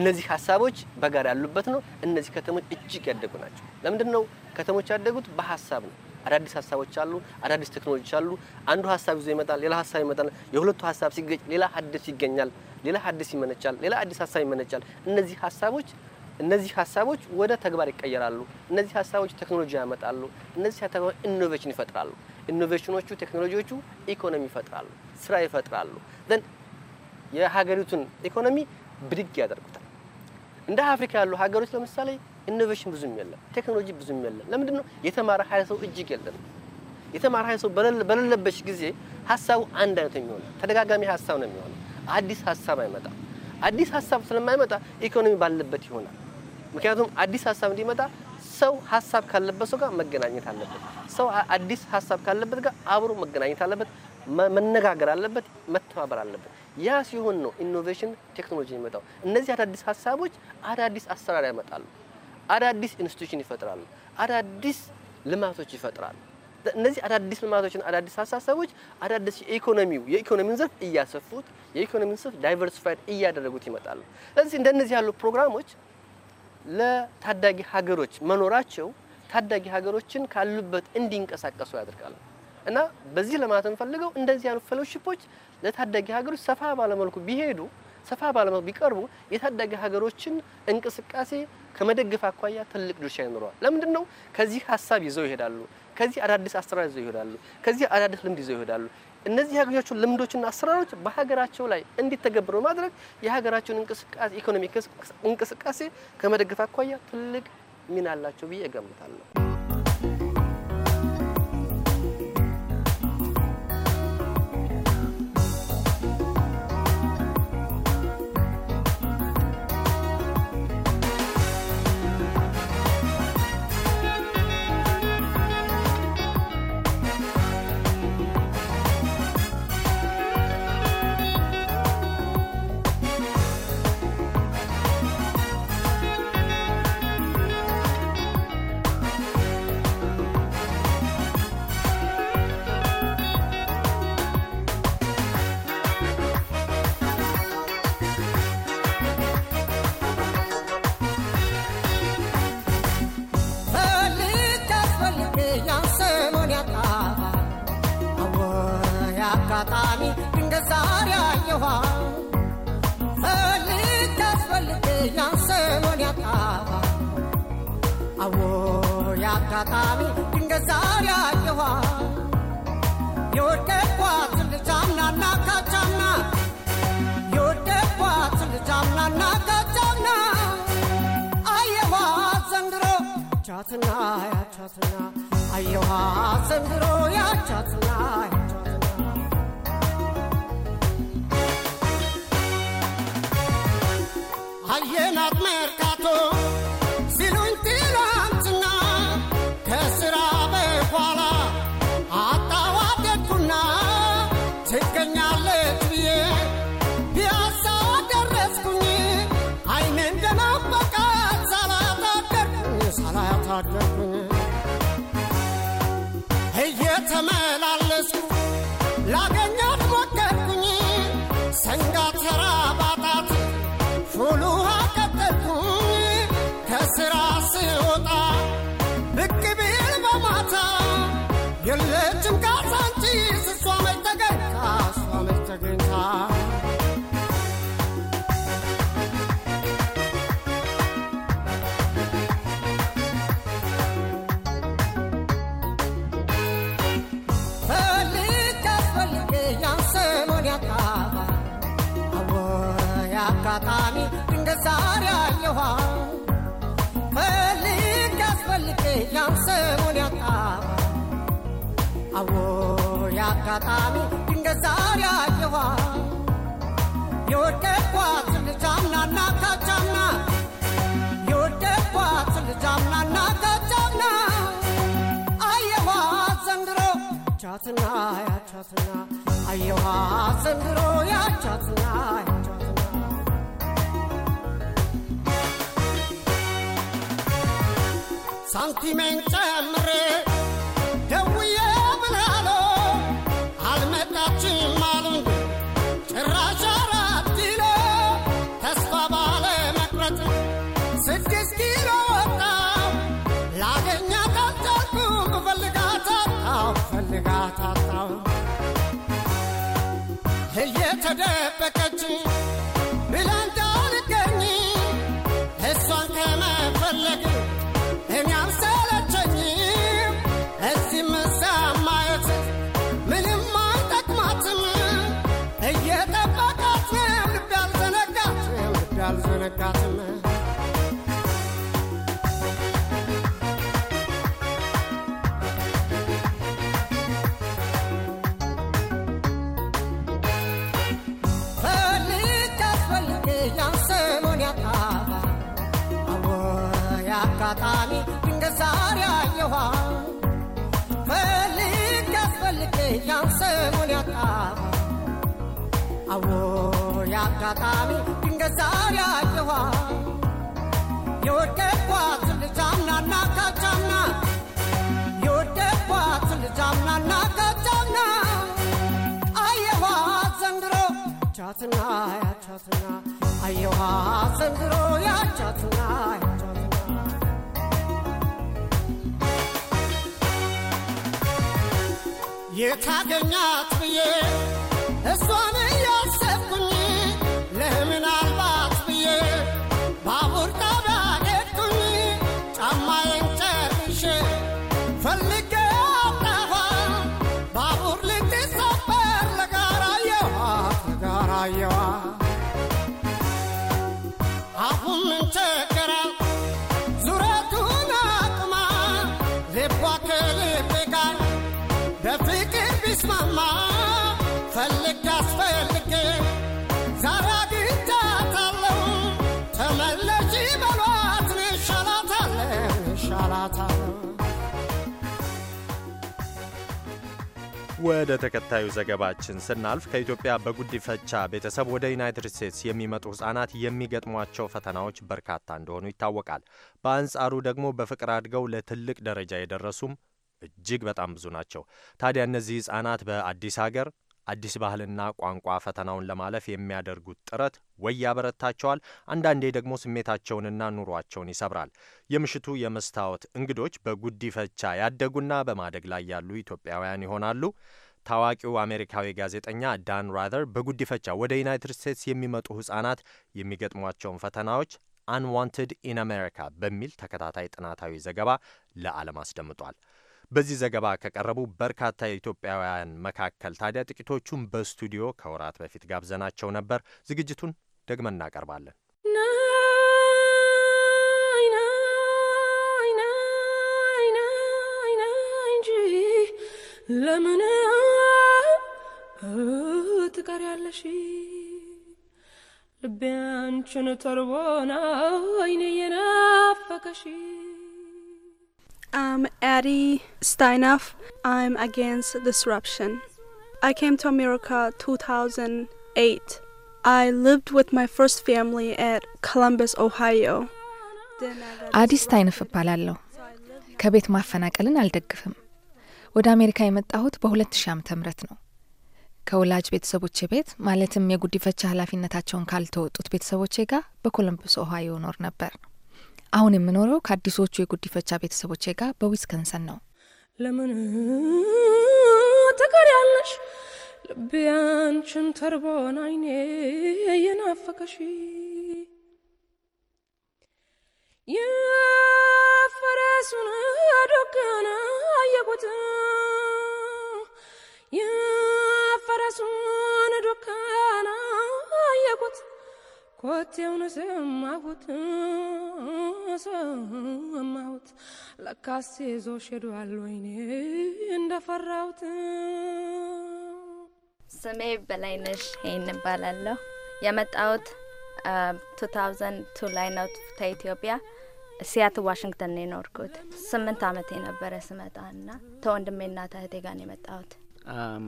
Speaker 2: እነዚህ ሀሳቦች በጋራ ያሉበት ነው። እነዚህ ከተሞች እጅግ ያደጉ ናቸው። ለምንድነው ከተሞች ያደጉት? በሀሳብ ነው። አዳዲስ ሀሳቦች አሉ። አዳዲስ ቴክኖሎጂዎች አሉ። አንዱ ሀሳብ ይዞ ይመጣል፣ ሌላ ሀሳብ ይመጣል። የሁለቱ ሀሳብ ሲገጭ ሌላ ሀዲስ ይገኛል፣ ሌላ ሀዲስ ይመነጫል፣ ሌላ አዲስ ሀሳብ ይመነጫል። እነዚህ ሀሳቦች እነዚህ ሀሳቦች ወደ ተግባር ይቀየራሉ። እነዚህ ሀሳቦች ቴክኖሎጂ ያመጣሉ። እነዚህ ኢኖቬሽን ይፈጥራሉ። ኢኖቬሽኖቹ፣ ቴክኖሎጂዎቹ ኢኮኖሚ ይፈጥራሉ፣ ስራ ይፈጥራሉ። ዘን የሀገሪቱን ኢኮኖሚ ብድግ ያደርጉታል። እንደ አፍሪካ ያሉ ሀገሮች ለምሳሌ ኢኖቬሽን ብዙም የለም፣ ቴክኖሎጂ ብዙም የለም። ለምንድን ነው? የተማረ ሀይል ሰው እጅግ የለም። የተማረ ሀይል ሰው በሌለበት ጊዜ ሀሳቡ አንድ አይነት የሚሆነ ተደጋጋሚ ሀሳብ ነው የሚሆነው። አዲስ ሀሳብ አይመጣም። አዲስ ሀሳብ ስለማይመጣ ኢኮኖሚ ባለበት ይሆናል። ምክንያቱም አዲስ ሀሳብ እንዲመጣ ሰው ሀሳብ ካለበት ሰው ጋር መገናኘት አለበት። ሰው አዲስ ሀሳብ ካለበት ጋር አብሮ መገናኘት አለበት፣ መነጋገር አለበት፣ መተባበር አለበት። ያ ሲሆን ነው ኢኖቬሽን ቴክኖሎጂ የሚመጣው። እነዚህ አዳዲስ ሀሳቦች አዳዲስ አሰራር ያመጣሉ፣ አዳዲስ ኢንስቲቱሽን ይፈጥራሉ፣ አዳዲስ ልማቶች ይፈጥራሉ። እነዚህ አዳዲስ ልማቶችን፣ አዳዲስ አሳሳቦች፣ አዳዲስ የኢኮኖሚው የኢኮኖሚን ዘርፍ እያሰፉት የኢኮኖሚን ዘርፍ ዳይቨርሲፋይድ እያደረጉት ይመጣሉ። ስለዚህ እንደነዚህ ያሉ ፕሮግራሞች ለታዳጊ ሀገሮች መኖራቸው ታዳጊ ሀገሮችን ካሉበት እንዲንቀሳቀሱ ያደርጋል እና በዚህ ለማለት የምፈልገው እንደዚህ አይነት ፌሎሺፖች ለታዳጊ ሀገሮች ሰፋ ባለመልኩ ቢሄዱ ሰፋ ባለመልኩ ቢቀርቡ የታዳጊ ሀገሮችን እንቅስቃሴ ከመደገፍ አኳያ ትልቅ ድርሻ ይኖረዋል። ለምንድን ነው? ከዚህ ሀሳብ ይዘው ይሄዳሉ። ከዚህ አዳዲስ አሰራር ይዘው ይሄዳሉ። ከዚህ አዳዲስ ልምድ ይዘው ይሄዳሉ። እነዚህ ያገኟቸውን ልምዶችና አሰራሮች በሀገራቸው ላይ እንዲተገብሩ ማድረግ የሀገራቸውን እንቅስቃሴ ኢኮኖሚክ እንቅስቃሴ ከመደገፍ አኳያ ትልቅ ሚና አላቸው ብዬ እገምታለሁ።
Speaker 6: ድካሜ ድንገት ዛሬ አየኋት የወደድኳት ልጅ አምናና ካቻምና የወደድኳት ልጅ አምናና ካቻምና አየኋት ዘንድሮ ያቻትና ያቻትና አየኋት ዘንድሮ ያቻትና ያቻትና ሳንቲሜን ጨምሬ ጭራሽ አራት ኪሎ ተስፋ ባለ መቅረት ስድስት ኪሎ ወጣው ላገኛት አልቻልኩም። ፈልጋት አጣው ፈልጋት አጣው እየተደበቀ እንዳልዘነጋትና አጋጣሚ ድንገት ዛሬ አየኋ ፈልግ ያስፈልግ ያን ሰሞን ያጣ አዎ የአጋጣሚ እንደ ዛሬ አየኋ የወደድኳት ልጅ አምናና ካቻምና የወደድኳት ልጅ ዘንድሮ ያቻትና ያቻትና አየኋት ዘንድሮ ያቻትና የታገኛት ብዬ እሷን
Speaker 1: ወደ ተከታዩ ዘገባችን ስናልፍ ከኢትዮጵያ በጉዲፈቻ ቤተሰብ ወደ ዩናይትድ ስቴትስ የሚመጡ ሕጻናት የሚገጥሟቸው ፈተናዎች በርካታ እንደሆኑ ይታወቃል። በአንጻሩ ደግሞ በፍቅር አድገው ለትልቅ ደረጃ የደረሱም እጅግ በጣም ብዙ ናቸው። ታዲያ እነዚህ ሕጻናት በአዲስ ሀገር አዲስ ባህልና ቋንቋ ፈተናውን ለማለፍ የሚያደርጉት ጥረት ወይ ያበረታቸዋል፣ አንዳንዴ ደግሞ ስሜታቸውንና ኑሯቸውን ይሰብራል። የምሽቱ የመስታወት እንግዶች በጉዲፈቻ ያደጉና በማደግ ላይ ያሉ ኢትዮጵያውያን ይሆናሉ። ታዋቂው አሜሪካዊ ጋዜጠኛ ዳን ራዘር በጉዲፈቻ ወደ ዩናይትድ ስቴትስ የሚመጡ ሕጻናት የሚገጥሟቸውን ፈተናዎች አንዋንትድ ኢን አሜሪካ በሚል ተከታታይ ጥናታዊ ዘገባ ለዓለም አስደምጧል። በዚህ ዘገባ ከቀረቡ በርካታ የኢትዮጵያውያን መካከል ታዲያ ጥቂቶቹን በስቱዲዮ ከወራት በፊት ጋብዘናቸው ነበር። ዝግጅቱን ደግመን እናቀርባለን።
Speaker 7: ለምን ትቀሪያለሽ? ልቤ አንቺን ተርቦና አይኔ የናፈቀሽ I'm um, Eddie Steinoff. I'm against disruption. I came to America 2008. I lived with my first family at Columbus, Ohio.
Speaker 5: አዲ ስታይንፍ እባላለሁ። ከቤት ማፈናቀልን አልደግፍም። ወደ አሜሪካ የመጣሁት በ2000 ዓመተ ምህረት ነው። ከወላጅ ቤተሰቦቼ ቤት ማለትም የጉዲፈቻ ኃላፊነታቸውን ካልተወጡት ቤተሰቦቼ ጋር በኮሎምበስ ኦሃዮ ኖር ነበር። አሁን የምኖረው ከአዲሶቹ የጉዲፈቻ ቤተሰቦቼ ጋር በዊስከንሰን ነው።
Speaker 7: ለምን ትቀሪያለሽ? ልቤ አንቺን ተርቦን አይኔ የናፈቀሽ የፈረሱን ዶጋና አየቁት የፈረሱን
Speaker 5: ዶጋና አየቁት ኮቴውን ሰማሁት ሰማሁት ለካስ ይዞ
Speaker 7: ሸዷል
Speaker 3: ወይኔ እንደፈራሁት። ስሜ በላይነሽ ይህን እባላለሁ። የመጣሁት ቱ ታውዘንድ ቱ ላይ ነው ከኢትዮጵያ ሲያት ዋሽንግተን ነው የኖርኩት። ስምንት አመት የነበረ ስመጣ እና ተወንድሜና እህቴ ጋር ነው የመጣሁት።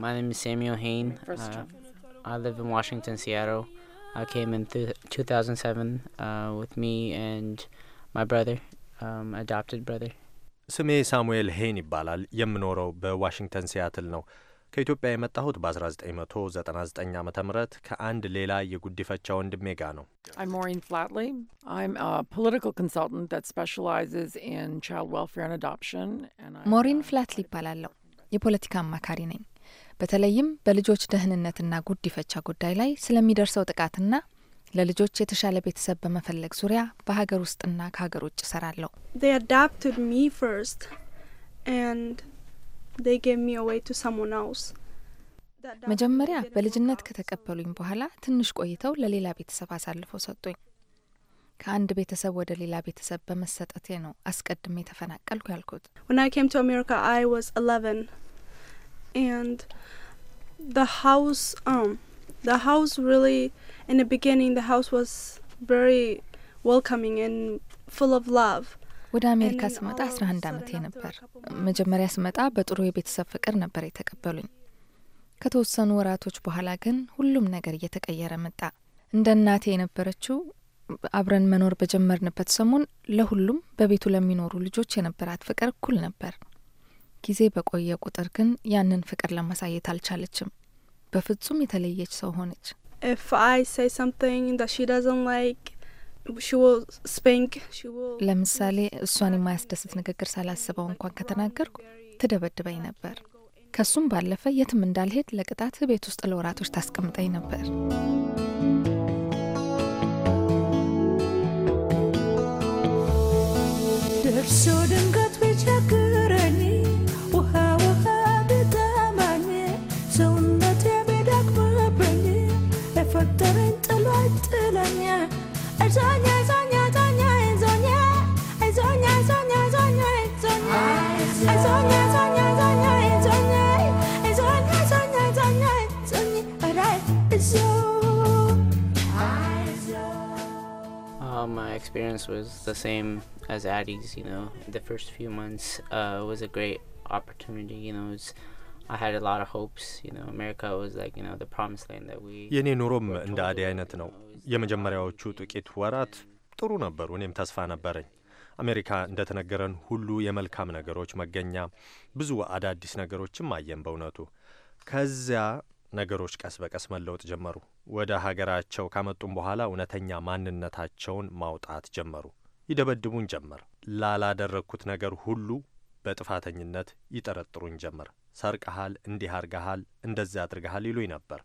Speaker 8: ማንም ሴሚዮ ሄን አይ ሊቭ ኢን ዋሽንግተን ሲያትል uh, came in th- 2007 uh, with me and my brother, um, adopted brother.
Speaker 1: ስሜ ሳሙኤል ሄን ይባላል። የምኖረው በዋሽንግተን ሲያትል ነው። ከኢትዮጵያ የመጣሁት በ1999 ዓ ም ከአንድ ሌላ የጉዲፈቻ ወንድሜ ጋ ነው።
Speaker 5: ሞሪን ፍላትሊ ይባላለሁ። የፖለቲካ አማካሪ ነኝ። በተለይም በልጆች ደህንነትና ጉዲፈቻ ጉዳይ ላይ ስለሚደርሰው ጥቃትና ለልጆች የተሻለ ቤተሰብ በመፈለግ ዙሪያ በሀገር ውስጥና ከሀገር ውጭ እሰራለሁ። መጀመሪያ በልጅነት ከተቀበሉኝ በኋላ ትንሽ ቆይተው ለሌላ ቤተሰብ አሳልፈው ሰጡኝ። ከአንድ ቤተሰብ ወደ ሌላ ቤተሰብ በመሰጠቴ ነው አስቀድሜ ተፈናቀልኩ ያልኩት።
Speaker 7: and the house um the house really in the beginning the house was very welcoming and full of love
Speaker 5: ወደ አሜሪካ ስመጣ 11 አንድ አመቴ ነበር። መጀመሪያ ስመጣ በጥሩ የቤተሰብ ፍቅር ነበር የተቀበሉኝ። ከተወሰኑ ወራቶች በኋላ ግን ሁሉም ነገር እየተቀየረ መጣ። እንደ እናቴ የነበረችው አብረን መኖር በጀመርንበት ሰሞን ለሁሉም በቤቱ ለሚኖሩ ልጆች የነበራት ፍቅር እኩል ነበር። ጊዜ በቆየ ቁጥር ግን ያንን ፍቅር ለማሳየት አልቻለችም። በፍጹም የተለየች ሰው ሆነች። ለምሳሌ እሷን የማያስደስት ንግግር ሳላስበው እንኳን ከተናገርኩ ትደበድበኝ ነበር። ከሱም ባለፈ የትም እንዳልሄድ ለቅጣት ቤት ውስጥ ለወራቶች ታስቀምጠኝ ነበር። ደርሶ ድንጋ
Speaker 8: experience was the same as Addie's. You know, the first few months uh, was a great opportunity. You know, it's የእኔ
Speaker 1: ኑሮም እንደ አዴ አይነት ነው። የመጀመሪያዎቹ ጥቂት ወራት ጥሩ ነበሩ። እኔም ተስፋ ነበረኝ። አሜሪካ እንደ ተነገረን ሁሉ የመልካም ነገሮች መገኛ፣ ብዙ አዳዲስ ነገሮችም አየን። በእውነቱ ከዚያ ነገሮች ቀስ በቀስ መለወጥ ጀመሩ። ወደ ሀገራቸው ካመጡም በኋላ እውነተኛ ማንነታቸውን ማውጣት ጀመሩ። ይደበድቡን ጀመር። ላላደረግኩት ነገር ሁሉ በጥፋተኝነት ይጠረጥሩኝ ጀመር። ሰርቀሃል፣ እንዲህ አርገሃል፣ እንደዚያ አድርገሃል ይሉኝ ነበር።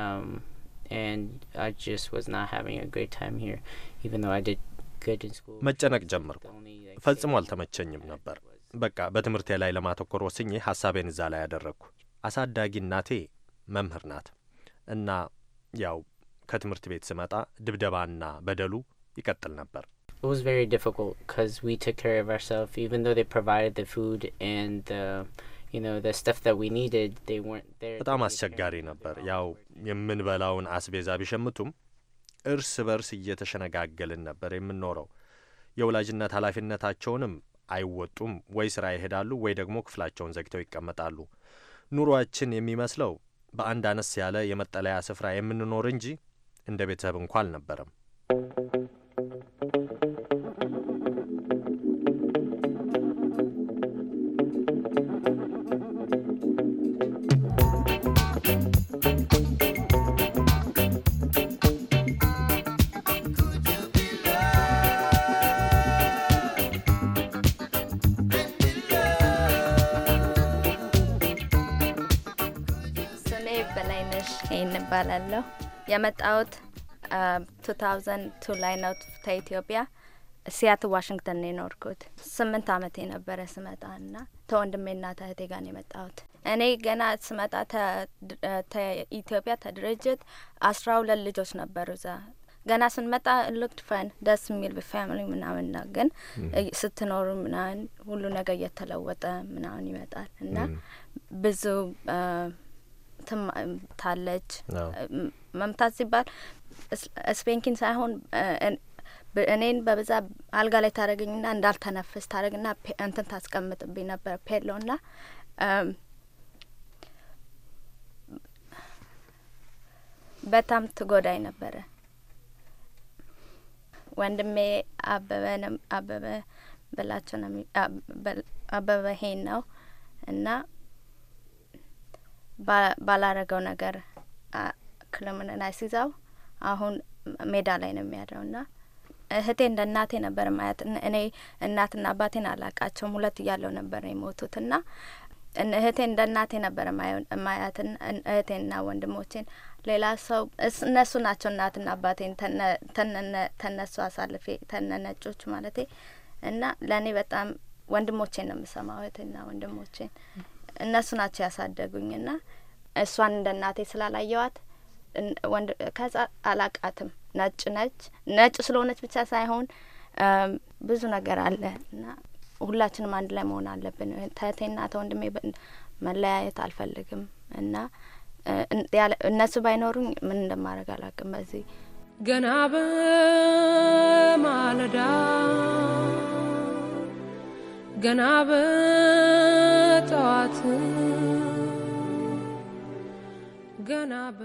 Speaker 8: um, መጨነቅ ጀመርኩ። ፈጽሞ አልተመቸኝም
Speaker 1: ነበር። በቃ በትምህርቴ ላይ ለማተኮር ወስኜ ሀሳቤን እዛ ላይ ያደረግኩ። አሳዳጊ እናቴ መምህር ናት እና ያው ከትምህርት ቤት ስመጣ ድብደባና በደሉ ይቀጥል ነበር።
Speaker 8: It was very difficult because we took care of ourselves, even though they provided the food and the, you know, the stuff that we needed. They weren't there.
Speaker 1: በጣም አስቸጋሪ ነበር። ያው የምንበላውን አስቤዛ ቢሸምቱም እርስ በርስ እየተሸነጋገልን ነበር የምንኖረው። የወላጅነት ኃላፊነታቸውንም አይወጡም። ወይ ስራ ይሄዳሉ፣ ወይ ደግሞ ክፍላቸውን ዘግተው ይቀመጣሉ። ኑሯችን የሚመስለው በአንድ አነስ ያለ የመጠለያ ስፍራ የምንኖር እንጂ እንደ ቤተሰብ እንኳ አልነበረም።
Speaker 3: የመጣሁት 2002 ላይ ነው ከኢትዮጵያ። ሲያት ዋሽንግተን ነው የኖርኩት። ስምንት አመት የነበረ ስመጣ ና ተህቴ ጋር ነው የመጣሁት። እኔ ገና ስመጣ ኢትዮጵያ ተድርጅት አስራ ሁለት ልጆች ነበሩ እዛ ገና ስንመጣ ሉክድ ፈን ደስ የሚል ፋሚሊ ምናምን ና ግን ስትኖሩ ምናምን ሁሉ ነገር እየተለወጠ ምናምን ይመጣል እና ብዙ ትማታለች መምታት ሲባል ስፔንኪን ሳይሆን እኔን በብዛ አልጋ ላይ ታደረግኝና እንዳልተነፍስ ታደረግና እንትን ታስቀምጥብኝ ነበር ፔሎ ና በጣም ትጎዳኝ ነበረ። ወንድሜ አበበ አበበ በላቸው ነው አበበ ሄን ነው እና ባላረገው ነገር ክልምና ሲዛው አሁን ሜዳ ላይ ነው የሚያድረው ና እህቴ እንደ እናቴ ነበር ማያት። እኔ እናትና አባቴን አላቃቸውም። ሁለት እያለው ነበር ነው የሞቱት ና እህቴ እንደ እናቴ ነበር ማያትን እህቴና ወንድሞቼን ሌላ ሰው እነሱ ናቸው እናትና አባቴን ተነሱ አሳልፌ ተነነጮች ማለቴ እና ለእኔ በጣም ወንድሞቼን ነው የምሰማው እህቴና ወንድሞቼን እነሱ ናቸው ያሳደጉኝ ና እሷን እንደ እናቴ ስላላየዋት ወንድ ከዛ አላቃትም ነጭ ነች ነጭ ስለሆነች ብቻ ሳይሆን ብዙ ነገር አለ እና ሁላችንም አንድ ላይ መሆን አለብን። ተቴና ወንድሜ መለያየት አልፈልግም እና እነሱ ባይኖሩኝ ምን እንደማድረግ አላውቅም። በዚህ
Speaker 5: ገና በማለዳ ገና በጠዋት
Speaker 3: ገና በ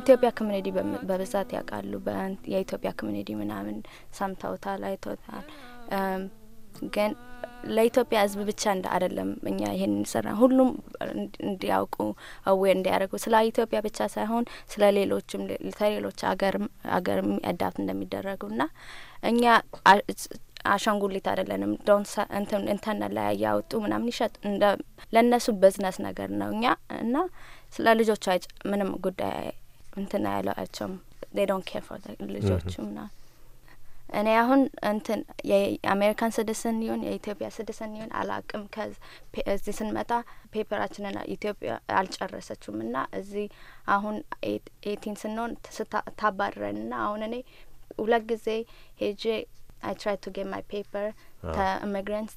Speaker 3: ኢትዮጵያ ኮሚኒቲ በብዛት ያውቃሉ። የኢትዮጵያ ኮሚኒቲ ምናምን ሰምተውታል፣ አይተውታል። ግን ለኢትዮጵያ ሕዝብ ብቻ እንደ አይደለም እኛ ይሄን እንሰራ ሁሉም እንዲያውቁ አዌር እንዲያደርጉ ስለ ኢትዮጵያ ብቻ ሳይሆን ስለ ሌሎችም ተሌሎች አገርም አገርም አዳፕት እንደሚደረጉ ና እኛ አሻንጉሊት አይደለንም። ዶን እንትን ላይ ያወጡ ምናምን ይሸጥ እንደ ለእነሱ በዝነስ ነገር ነው እኛ እና ስለ ልጆቹ ምንም ጉዳይ እንትን አይሏቸውም። ዴይ ዶን ኬር ፎር ልጆቹ ና እኔ አሁን እንትን የአሜሪካን ስድስን ይሁን የኢትዮጵያ ስድስን ይሁን አላቅም። እዚህ ስንመጣ ፔፐራችንን ኢትዮጵያ አልጨረሰችውም ና እዚህ አሁን ኤቲን ስንሆን ታባረረን ና አሁን እኔ ሁለት ጊዜ ሄጄ አይ ትራይ ቱ ጌት ማይ ፔፐር ከኢሚግራንት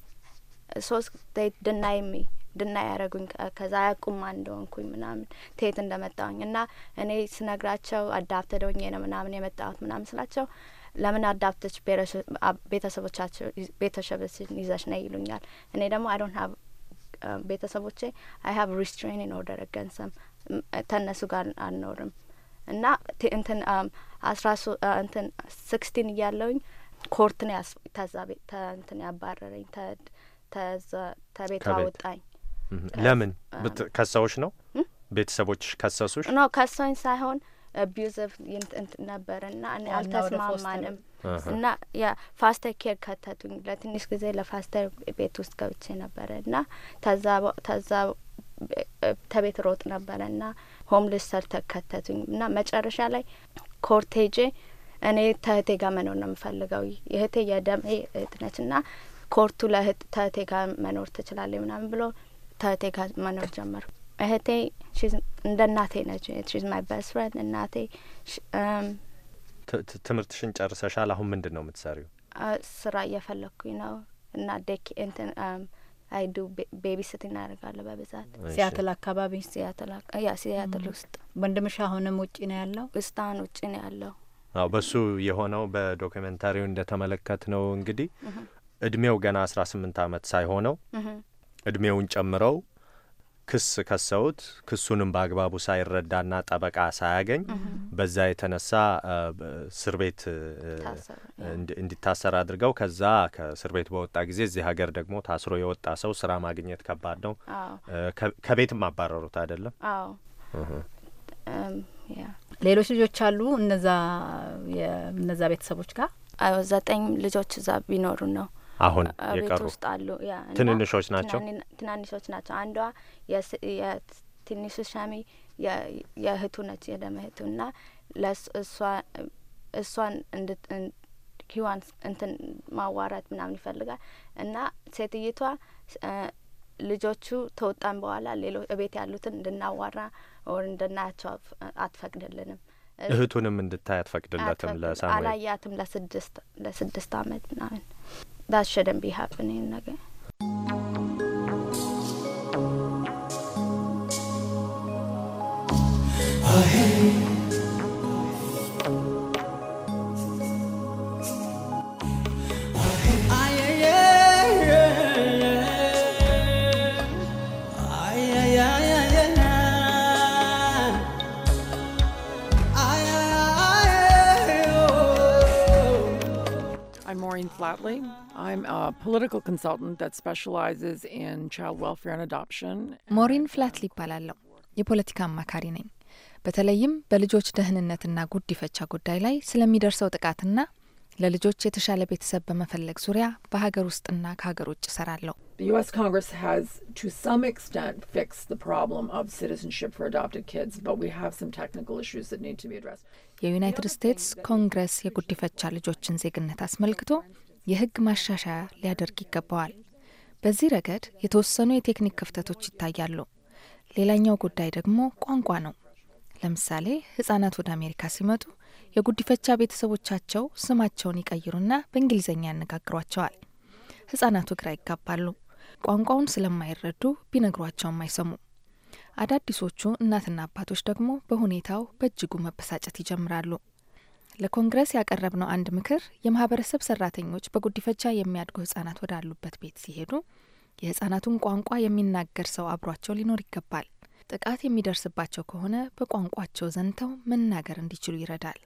Speaker 3: ሶስት ዴይ ድናይ ሚ ድና ያደረጉኝ ከዛ ያቁማ እንደሆንኩኝ ምናምን ቴት እንደመጣውኝ እና እኔ ስነግራቸው አዳፕተድ ሆኜ ነው ምናምን የመጣሁት ምናምን ስላቸው ለምን አዳፕተች ቤተሰቦቻቸው ቤተሰቦችን ይዘሽ ነ ይሉኛል። እኔ ደግሞ አይ ዶንት ሀብ ቤተሰቦቼ አይ ሀብ ሪስትሬኒንግ ኦርደር ገንሰም ተነሱ ጋር አልኖርም እና እንትን um, አስራ እንትን ስክስቲን እያለውኝ ኮርት ነው ተዛ እንትን ያባረረኝ ተዛ ተቤት አወጣኝ።
Speaker 1: ለምን ከሰዎች ነው ቤተሰቦች ከሰሱሽ
Speaker 3: ነው? ከሰኝ ሳይሆን አቢዩዘቭ ነበር ነበርና እኔ አልተስማማንም እና ያ ፋስተር ኬር ከተቱኝ። ለትንሽ ጊዜ ለፋስተር ቤት ውስጥ ገብቼ ነበረ ነበረና ተዛ ተቤት ሮጥ ነበረ ነበረና ሆምልስ ሰርተር ከተቱኝ እና መጨረሻ ላይ ኮርቴጄ እኔ ተህቴ ጋር መኖር ነው የምፈልገው። እህቴ የደሜ እህት ነች እና ኮርቱ ለእህት ተህቴ ጋር መኖር ትችላለ ምናምን ብሎ ተህቴ ጋር መኖር ጀመሩ። እህቴ እንደ እናቴ ነች። ሺዝ ማይ በስት ፍሬንድ እናቴ።
Speaker 1: ትምህርትሽን ጨርሰሻል። አሁን ምንድን ነው የምትሰሪው?
Speaker 3: ስራ እየፈለግኩኝ ነው እና ዴክ እንትን አይዱ ቤቢ ስት እናደርጋለሁ በብዛት ሲያትል አካባቢ ሲያትል ያ ሲያትል ውስጥ ወንድምሽ አሁንም ውጭ ነው ያለው? እስታሁን ውጭ ነው ያለው።
Speaker 1: አዎ በሱ የሆነው በዶክመንታሪው ተመለከት ነው እንግዲህ እድሜው ገና አስራ ስምንት አመት ሳይሆነው እድሜውን ጨምረው ክስ ከሰውት ክሱንም በአግባቡ ሳይረዳና ጠበቃ ሳያገኝ በዛ የተነሳ እስር ቤት እንዲታሰር አድርገው ከዛ ከእስር ቤት በወጣ ጊዜ እዚህ ሀገር ደግሞ ታስሮ የወጣ ሰው ስራ ማግኘት ከባድ ነው። ከቤትም አባረሩት አይደለም?
Speaker 3: ሌሎች ልጆች አሉ እነዛ እነዛ ቤተሰቦች ጋር? ዘጠኝ ልጆች እዛ ቢኖሩ ነው
Speaker 1: አሁን የቀሩ ውስጥ አሉ ትንንሾች ናቸው
Speaker 3: ትናንሾች ናቸው። አንዷ የትንሹ ሻሚ የእህቱ ነች የደም እህቱ ና ለእሷ እሷን ኪዋን እንትን ማዋራት ምናምን ይፈልጋል እና ሴትይቷ ልጆቹ ተወጣን በኋላ ሌሎ እቤት ያሉትን እንድናዋራ ወር እንድናያቸው አትፈቅድልንም።
Speaker 1: እህቱንም እንድታይ አትፈቅድለትም። ለሳ
Speaker 3: አላያትም ለስድስት ለስድስት አመት ምናምን that shouldn't be happening again.
Speaker 9: Maureen Flatley. I'm a political consultant that specializes in child welfare and adoption.
Speaker 5: Maureen Flatley Palalo, የፖለቲካ አማካሪ ነኝ። በተለይም በልጆች ደህንነትና ጉዲፈቻ ጉዳይ ላይ ስለሚደርሰው ጥቃትና ለልጆች የተሻለ ቤተሰብ በመፈለግ ዙሪያ በሀገር ውስጥና ከሀገር ውጭ እሰራለሁ። የዩናይትድ ስቴትስ ኮንግረስ የጉዲፈቻ ልጆችን ዜግነት አስመልክቶ የህግ ማሻሻያ ሊያደርግ ይገባዋል። በዚህ ረገድ የተወሰኑ የቴክኒክ ክፍተቶች ይታያሉ። ሌላኛው ጉዳይ ደግሞ ቋንቋ ነው። ለምሳሌ ህጻናት ወደ አሜሪካ ሲመጡ የጉዲፈቻ ቤተሰቦቻቸው ስማቸውን ይቀይሩና በእንግሊዝኛ ያነጋግሯቸዋል። ህጻናቱ ግራ ይጋባሉ። ቋንቋውን ስለማይረዱ ቢነግሯቸውም አይሰሙ። አዳዲሶቹ እናትና አባቶች ደግሞ በሁኔታው በእጅጉ መበሳጨት ይጀምራሉ። ለኮንግረስ ያቀረብነው አንድ ምክር የማህበረሰብ ሰራተኞች በጉዲፈቻ የሚያድጉ ህጻናት ወዳሉበት ቤት ሲሄዱ የህጻናቱን ቋንቋ የሚናገር ሰው አብሯቸው ሊኖር ይገባል። ጥቃት የሚደርስባቸው ከሆነ በቋንቋቸው ዘንተው መናገር እንዲችሉ ይረዳል።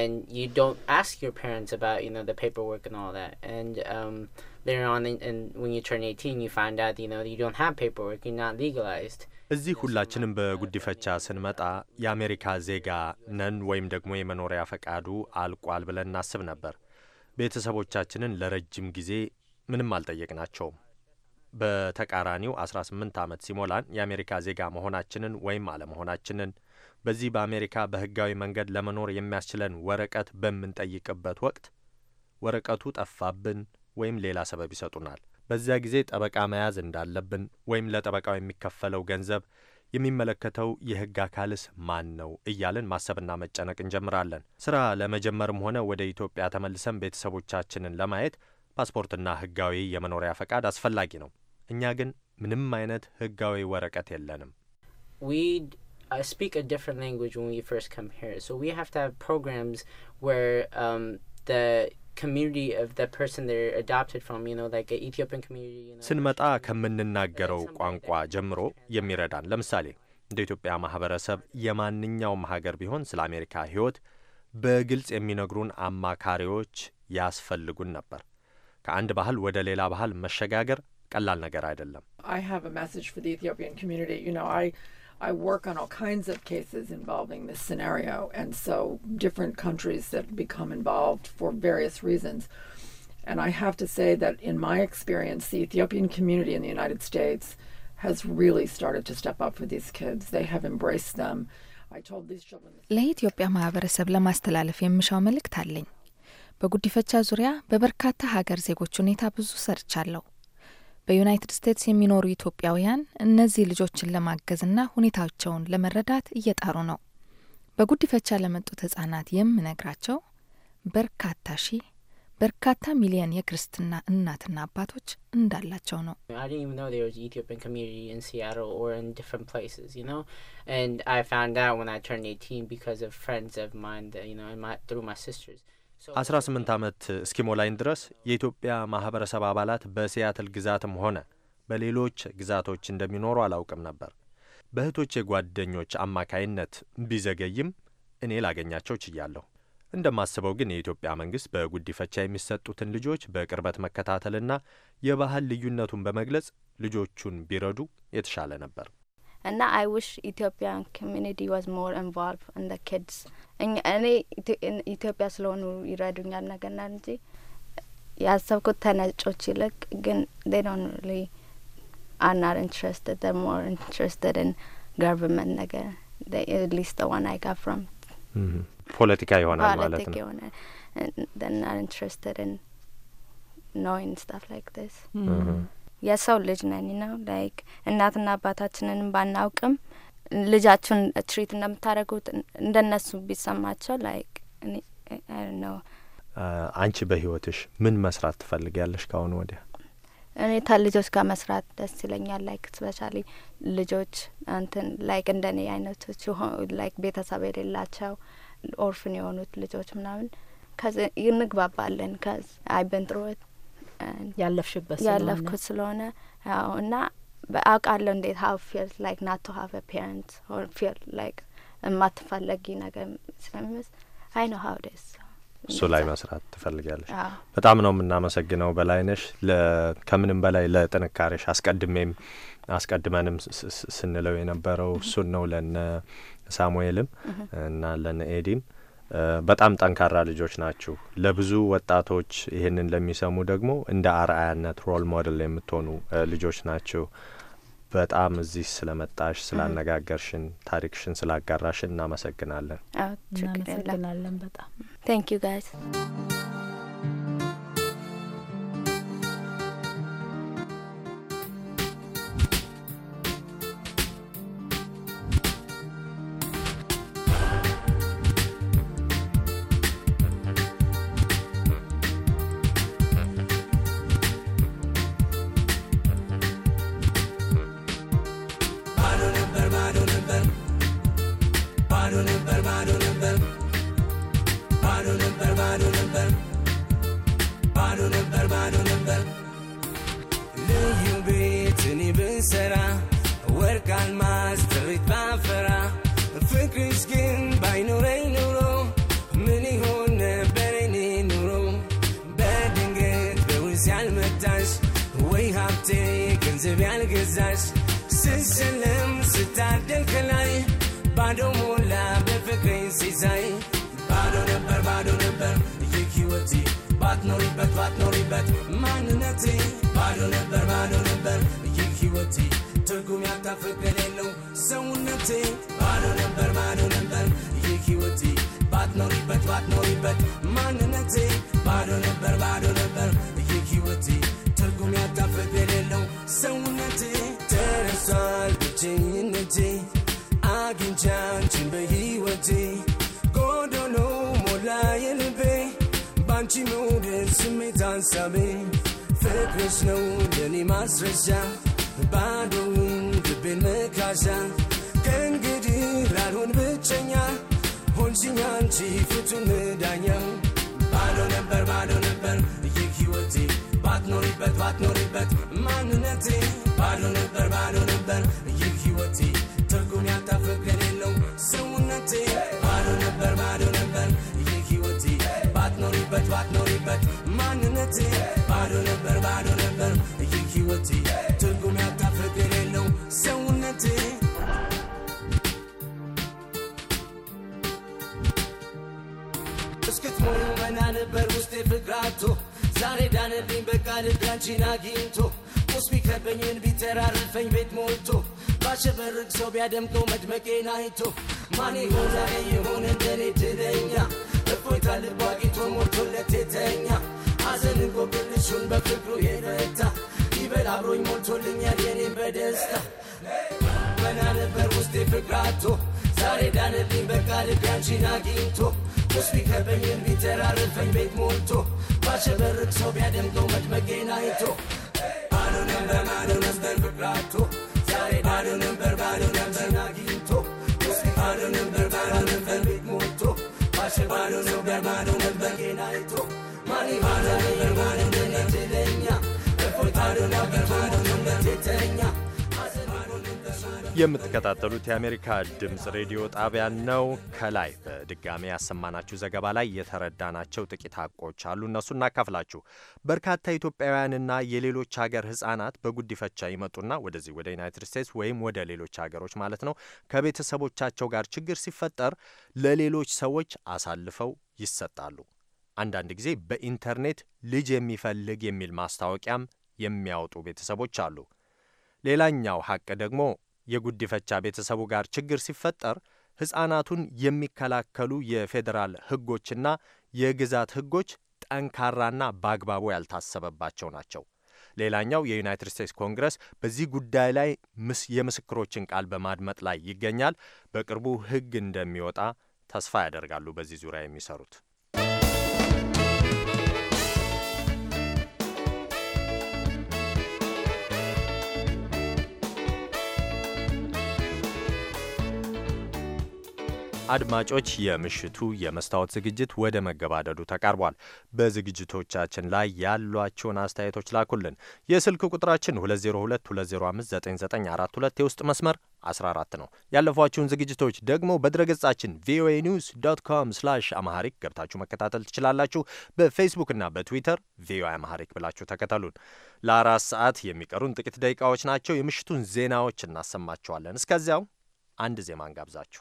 Speaker 8: and you don't ask your parents about you know the paperwork and all that and um, later on and when you turn 18 you find out you know you don't have paperwork you're not legalized
Speaker 1: እዚህ ሁላችንም በጉዲፈቻ ስንመጣ የአሜሪካ ዜጋ ነን ወይም ደግሞ የመኖሪያ ፈቃዱ አልቋል ብለን እናስብ ነበር። ቤተሰቦቻችንን ለረጅም ጊዜ ምንም አልጠየቅናቸውም። በተቃራኒው 18 ዓመት ሲሞላን የአሜሪካ ዜጋ መሆናችንን ወይም አለመሆናችንን በዚህ በአሜሪካ በሕጋዊ መንገድ ለመኖር የሚያስችለን ወረቀት በምንጠይቅበት ወቅት ወረቀቱ ጠፋብን ወይም ሌላ ሰበብ ይሰጡናል። በዚያ ጊዜ ጠበቃ መያዝ እንዳለብን ወይም ለጠበቃው የሚከፈለው ገንዘብ የሚመለከተው የሕግ አካልስ ማን ነው እያልን ማሰብና መጨነቅ እንጀምራለን። ስራ ለመጀመርም ሆነ ወደ ኢትዮጵያ ተመልሰን ቤተሰቦቻችንን ለማየት ፓስፖርትና ሕጋዊ የመኖሪያ ፈቃድ አስፈላጊ ነው። እኛ ግን ምንም አይነት ሕጋዊ ወረቀት የለንም።
Speaker 8: community of that person they're adopted from, you know, like an Ethiopian community, you
Speaker 1: know. ስንመጣ ከምንናገረው ቋንቋ ጀምሮ የሚረዳን ለምሳሌ እንደ ኢትዮጵያ ማህበረሰብ የማንኛውም ሀገር ቢሆን ስለ አሜሪካ ሕይወት በግልጽ የሚነግሩን አማካሪዎች ያስፈልጉን ነበር። ከአንድ ባህል ወደ ሌላ ባህል መሸጋገር ቀላል ነገር
Speaker 9: አይደለም። I have a message for the Ethiopian community. You know, I I work on all kinds of cases involving this scenario, and so different countries that become involved for various reasons. And I have to say that in my experience, the Ethiopian community in the United States has really started to step up for these kids. They have embraced them. I told these children.
Speaker 5: ለኢትዮጵያ ማህበረሰብ ለማስተላለፍ የምሻው መልእክት አለኝ። በጉዲፈቻ ዙሪያ በበርካታ ሀገር ዜጎች ሁኔታ ብዙ ሰርቻለሁ። በዩናይትድ ስቴትስ የሚኖሩ ኢትዮጵያውያን እነዚህ ልጆችን ለማገዝና ሁኔታቸውን ለመረዳት እየጣሩ ነው። በጉዲፈቻ ለመጡት ህጻናት የምነግራቸው በርካታ ሺህ በርካታ ሚሊየን የክርስትና እናትና አባቶች እንዳላቸው ነው።
Speaker 8: 18
Speaker 1: ዓመት እስኪሞላኝ ድረስ የኢትዮጵያ ማኅበረሰብ አባላት በሲያትል ግዛትም ሆነ በሌሎች ግዛቶች እንደሚኖሩ አላውቅም ነበር። በእህቶቼ ጓደኞች አማካይነት ቢዘገይም እኔ ላገኛቸው ችያለሁ። እንደማስበው ግን የኢትዮጵያ መንግሥት በጉዲፈቻ የሚሰጡትን ልጆች በቅርበት መከታተልና የባህል ልዩነቱን በመግለጽ ልጆቹን ቢረዱ የተሻለ ነበር።
Speaker 3: And now I wish Ethiopian community was more involved in the kids እኔ ኢትዮጵያ ስለሆኑ ይረዱኛል ነገር ና እንጂ ያሰብኩት ተነጮች ይልቅ ግን they don't really are not interested they're more interested in government ነገር uh, they, at least the one I got from
Speaker 1: Political, ይሆናል ማለት
Speaker 3: ነው and they're not interested in knowing stuff like this hmm. mm-hmm. የሰው ልጅ ነው ላይክ እናትና አባታችንንም ባናውቅም ልጃችሁን ትሪት እንደምታደርጉት እንደ ነሱ ቢሰማቸው ላይክ ነው።
Speaker 1: አንቺ በህይወትሽ ምን መስራት ትፈልጊያለሽ ከአሁን ወዲያ?
Speaker 3: እኔ ከልጆች ጋር መስራት ደስ ይለኛል። ላይክ ስፔሻሊ ልጆች እንትን ላይክ እንደ እኔ አይነቶች ላይክ ቤተሰብ የሌላቸው ኦርፍን የሆኑት ልጆች ምናምን ከዚ እንግባባለን ከዚ አይ አይበንጥሮት ያለፍሽበት ያለፍኩት ስለሆነ ያው እና አውቃለሁ እንዴት ሀው ፊል ላይክ ናቶ ሀቭ ፔረንት ኦር ፊል ላይክ የማትፈለጊ ነገር ስለሚመስ አይ ነው ሀው ደስ
Speaker 1: እሱ ላይ መስራት ትፈልጋለሽ። በጣም ነው የምናመሰግነው በላይነሽ። ከምንም በላይ ለጥንካሬሽ አስቀድሜም አስቀድመንም ስንለው የነበረው እሱን ነው ለነ ሳሙኤልም እና ለነ ኤዲም በጣም ጠንካራ ልጆች ናችሁ። ለብዙ ወጣቶች ይህንን ለሚሰሙ ደግሞ እንደ አርአያነት ሮል ሞዴል የምትሆኑ ልጆች ናችሁ። በጣም እዚህ ስለመጣሽ ስላነጋገርሽን፣ ታሪክሽን ስላጋራሽን እናመሰግናለን።
Speaker 3: እናመሰግናለን በጣም ቴንክ ዩ ጋይስ
Speaker 10: ስልም ስታደል ከላይ ባዶ ሞላ በፍቅሬን ሲዛይ ባዶ ነበር ባዶ ነበር ይህ ሕይወቴ ባትኖሪበት ባትኖሪበት ማንነት ባዶ ነበር ባዶ ነበር ይህ ሕይወቴ ትርጉም ያጣ ፍቅር የለው ሰውነቴ ባዶ ነበር ባዶ ነበር ይህ ሕይወቴ ባትኖሪበት ባትኖሪበት ማንነቴ ደረጃ አንቺን በሕይወቴ ጎዶሎ ሞላ የልቤ ባንቺ መውደድ ስሜት አንሳቤ ፍቅርሽ ነው ለኔ ማስረሻ ባዶውን ልቤን መካሻ ከእንግዲህ ላልሆን ብቸኛ ሆንሽኝ አንቺ ፍቱን ዳኛ ባዶ ነበር ባዶ ነበር ይህ ሕይወቴ ባትኖሪበት ባትኖሪበት ማንነቴ ባዶ ነበር ባዶ ነበር ይህ ህይወቴ ትርጉም ያጣ ሰውነቴ ባዶ ነበር ባዶ ነበር ይህ ህይወቴ ባትኖሪበት ባትኖሪበት ማንነቴ ባዶ ነበር ባዶ ነበር ይህ ህይወቴ ትርጉም ያጣ ፍቅር የለው ሰውነቴ እስክትሞዩ መና ነበር ውስጤ ፍቅራቶ ዛሬ ዳነብኝ በቃ ልዳንቺን አግኝቶ ቁስ ቢከበኝን ቢተራርፈኝ ቤት ሞልቶ ባሸበርቅ ሰው ቢያደምቀው መድመቄን አይቶ ማን ይሆን ዛሬ የሆነ እንደኔ ድለኛ እፎይታ ልቡ አግኝቶ ሞልቶለት የተኛ ሐዘንን ጎብልሹን በፍቅሩ የረታ ይበል አብሮኝ ሞልቶልኛል የኔን በደስታ ቀና ነበር ውስጤ ፍቅራቶ ዛሬ ዳነልኝ በቃ ልቤ አንቺን አግኝቶ ውስጥ ቢከበኝም ቢተራርፈኝ ቤት ሞልቶ ባሸበርቅ ሰው ቢያደምቀው መድመቄን አይቶ አሉንም በማኑ ነበር ፍቅራቶ Berbaru, berbaru, berbaru.
Speaker 1: የምትከታተሉት የአሜሪካ ድምፅ ሬዲዮ ጣቢያን ነው። ከላይ በድጋሚ ያሰማናችሁ ዘገባ ላይ የተረዳናቸው ጥቂት ሀቆች አሉ። እነሱ እናካፍላችሁ። በርካታ ኢትዮጵያውያንና የሌሎች ሀገር ሕጻናት በጉዲፈቻ ይመጡና ወደዚህ ወደ ዩናይትድ ስቴትስ ወይም ወደ ሌሎች ሀገሮች ማለት ነው ከቤተሰቦቻቸው ጋር ችግር ሲፈጠር ለሌሎች ሰዎች አሳልፈው ይሰጣሉ። አንዳንድ ጊዜ በኢንተርኔት ልጅ የሚፈልግ የሚል ማስታወቂያም የሚያወጡ ቤተሰቦች አሉ። ሌላኛው ሀቅ ደግሞ የጉዲፈቻ ቤተሰቡ ጋር ችግር ሲፈጠር ሕፃናቱን የሚከላከሉ የፌዴራል ሕጎችና የግዛት ሕጎች ጠንካራና በአግባቡ ያልታሰበባቸው ናቸው። ሌላኛው የዩናይትድ ስቴትስ ኮንግረስ በዚህ ጉዳይ ላይ የምስክሮችን ቃል በማድመጥ ላይ ይገኛል። በቅርቡ ሕግ እንደሚወጣ ተስፋ ያደርጋሉ በዚህ ዙሪያ የሚሰሩት አድማጮች፣ የምሽቱ የመስታወት ዝግጅት ወደ መገባደዱ ተቃርቧል። በዝግጅቶቻችን ላይ ያሏቸውን አስተያየቶች ላኩልን። የስልክ ቁጥራችን 2022059942 የውስጥ መስመር 14 ነው። ያለፏችሁን ዝግጅቶች ደግሞ በድረገጻችን ቪኦኤ ኒውስ ዶት ኮም ስላሽ አማሐሪክ ገብታችሁ መከታተል ትችላላችሁ። በፌስቡክና በትዊተር ቪኦኤ አማሐሪክ ብላችሁ ተከተሉን። ለአራት ሰዓት የሚቀሩን ጥቂት ደቂቃዎች ናቸው። የምሽቱን ዜናዎች እናሰማቸዋለን። እስከዚያው አንድ ዜማ እንጋብዛችሁ።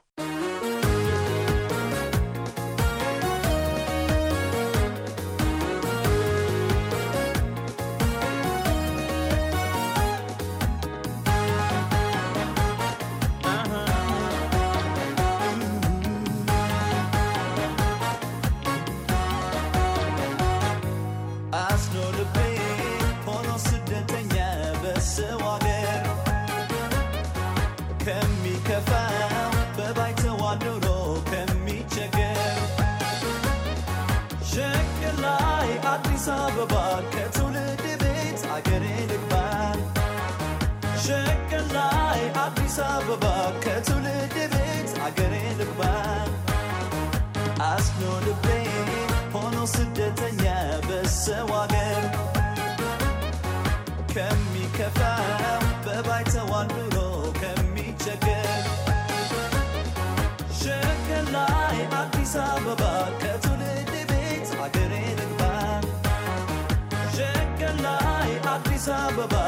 Speaker 11: ba ba ba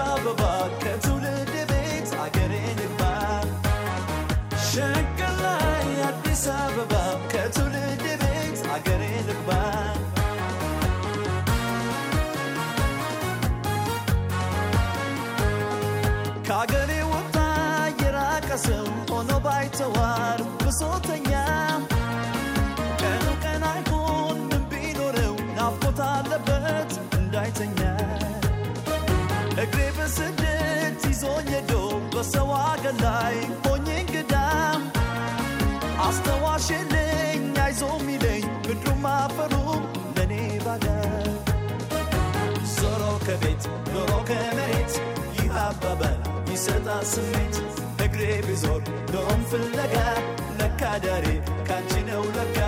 Speaker 11: አበባ ከትውልድ ቤት አገሬ ልባል ሸንቀር አዲስ አበባ ከትውልድ ቤት አገሬ ልባል ከአገሬ ወጣ የራቀ ሰው ሆኖ ባይተዋር ብሶተኛ ቀኑ ቀን አይሆን ምን ቢኖረው ናፍቆት አለበት እንዳይተኛ ስደት ይዞኝ ሄዶ በሰው አገር ላይ ሆኜ እንግዳ አስተዋሽልኝ አይዞ ሚለኝ ምድሩም አፈሩም ለእኔ ባዳ ዞሮ ከቤት ዞሮ ከመሬት ይህ አባባል ይሰጣል ስሜት እግሬ ቢዞር ዶም ፍለጋ ለካ ዳሬ ካንቺ ነው ለካ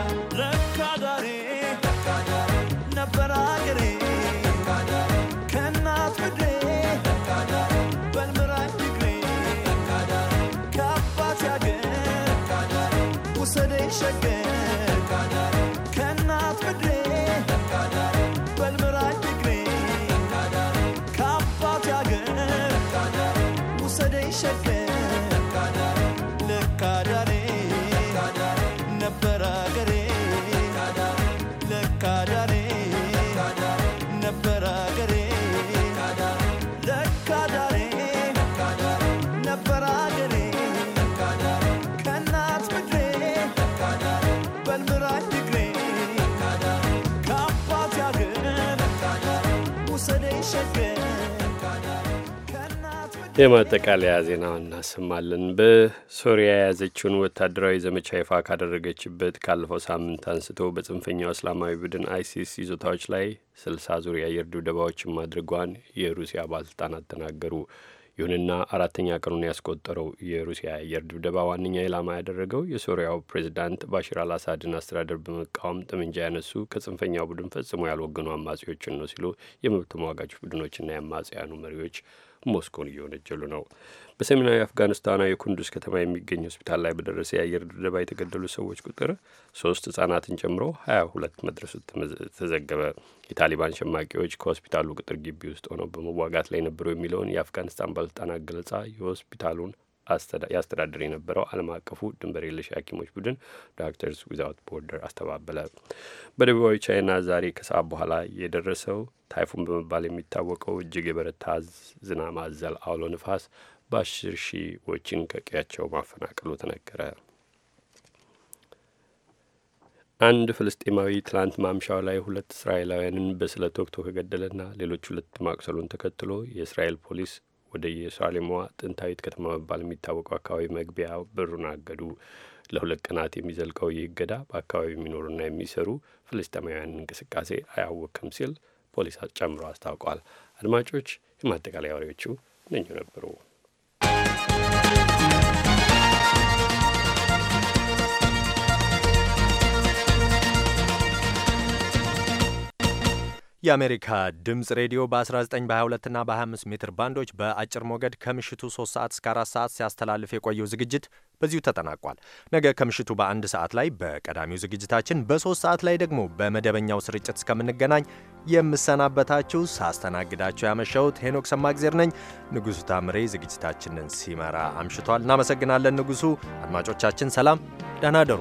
Speaker 11: ለካዳሬ ነበር አገሬ
Speaker 4: የማጠቃለያ ዜና እናሰማለን። በሶሪያ የያዘችውን ወታደራዊ ዘመቻ ይፋ ካደረገችበት ካለፈው ሳምንት አንስቶ በጽንፈኛው እስላማዊ ቡድን አይሲስ ይዞታዎች ላይ ስልሳ ዙር የአየር ድብደባዎችን ማድረጓን የሩሲያ ባለስልጣናት ተናገሩ። ይሁንና አራተኛ ቀኑን ያስቆጠረው የሩሲያ አየር ድብደባ ዋነኛ ኢላማ ያደረገው የሶሪያው ፕሬዚዳንት ባሽር አልአሳድን አስተዳደር በመቃወም ጠመንጃ ያነሱ ከጽንፈኛው ቡድን ፈጽሞ ያልወገኑ አማጺዎችን ነው ሲሉ የመብት ተሟጋች ቡድኖችና የአማጽያኑ መሪዎች ሞስኮን እየወነጀሉ ነው። በሰሜናዊ አፍጋኒስታና የኩንዱስ ከተማ የሚገኝ ሆስፒታል ላይ በደረሰ የአየር ድብደባ የተገደሉ ሰዎች ቁጥር ሶስት ህጻናትን ጨምሮ ሀያ ሁለት መድረሱ ተዘገበ። የታሊባን ሸማቂዎች ከሆስፒታሉ ቅጥር ግቢ ውስጥ ሆነው በመዋጋት ላይ ነበሩ የሚለውን የአፍጋኒስታን ባለስልጣናት ገለጻ የሆስፒታሉን ያስተዳድር የነበረው ዓለም አቀፉ ድንበር የለሽ ሐኪሞች ቡድን ዶክተርስ ዊዛውት ቦርደር አስተባበለ። በደቡባዊ ቻይና ዛሬ ከሰዓት በኋላ የደረሰው ታይፉን በመባል የሚታወቀው እጅግ የበረታ ዝናብ አዘል አውሎ ንፋስ በአስር ሺዎችን ከቀያቸው ማፈናቀሉ ተነገረ። አንድ ፍልስጤማዊ ትላንት ማምሻው ላይ ሁለት እስራኤላውያንን በስለት ወቅቶ ከገደለና ሌሎች ሁለት ማቁሰሉን ተከትሎ የእስራኤል ፖሊስ ወደ ኢየሩሳሌሟ ጥንታዊት ከተማ መባል የሚታወቀው አካባቢ መግቢያ በሩን አገዱ። ለሁለት ቀናት የሚዘልቀው ይህ እገዳ በአካባቢ የሚኖሩና የሚሰሩ ፍልስጤማውያን እንቅስቃሴ አያወክም ሲል ፖሊስ ጨምሮ አስታውቋል። አድማጮች የማጠቃለያ ወሬዎቹ እነኙ ነበሩ።
Speaker 1: የአሜሪካ ድምፅ ሬዲዮ በ19 በ22ና በ25 ሜትር ባንዶች በአጭር ሞገድ ከምሽቱ 3 ሰዓት እስከ 4 ሰዓት ሲያስተላልፍ የቆየው ዝግጅት በዚሁ ተጠናቋል። ነገ ከምሽቱ በአንድ ሰዓት ላይ በቀዳሚው ዝግጅታችን፣ በ3 ሰዓት ላይ ደግሞ በመደበኛው ስርጭት እስከምንገናኝ የምሰናበታችሁ ሳስተናግዳችሁ ያመሸሁት ሄኖክ ሰማግዜር ነኝ። ንጉሡ ታምሬ ዝግጅታችንን ሲመራ አምሽቷል። እናመሰግናለን ንጉሡ። አድማጮቻችን ሰላም፣ ደህና ደሩ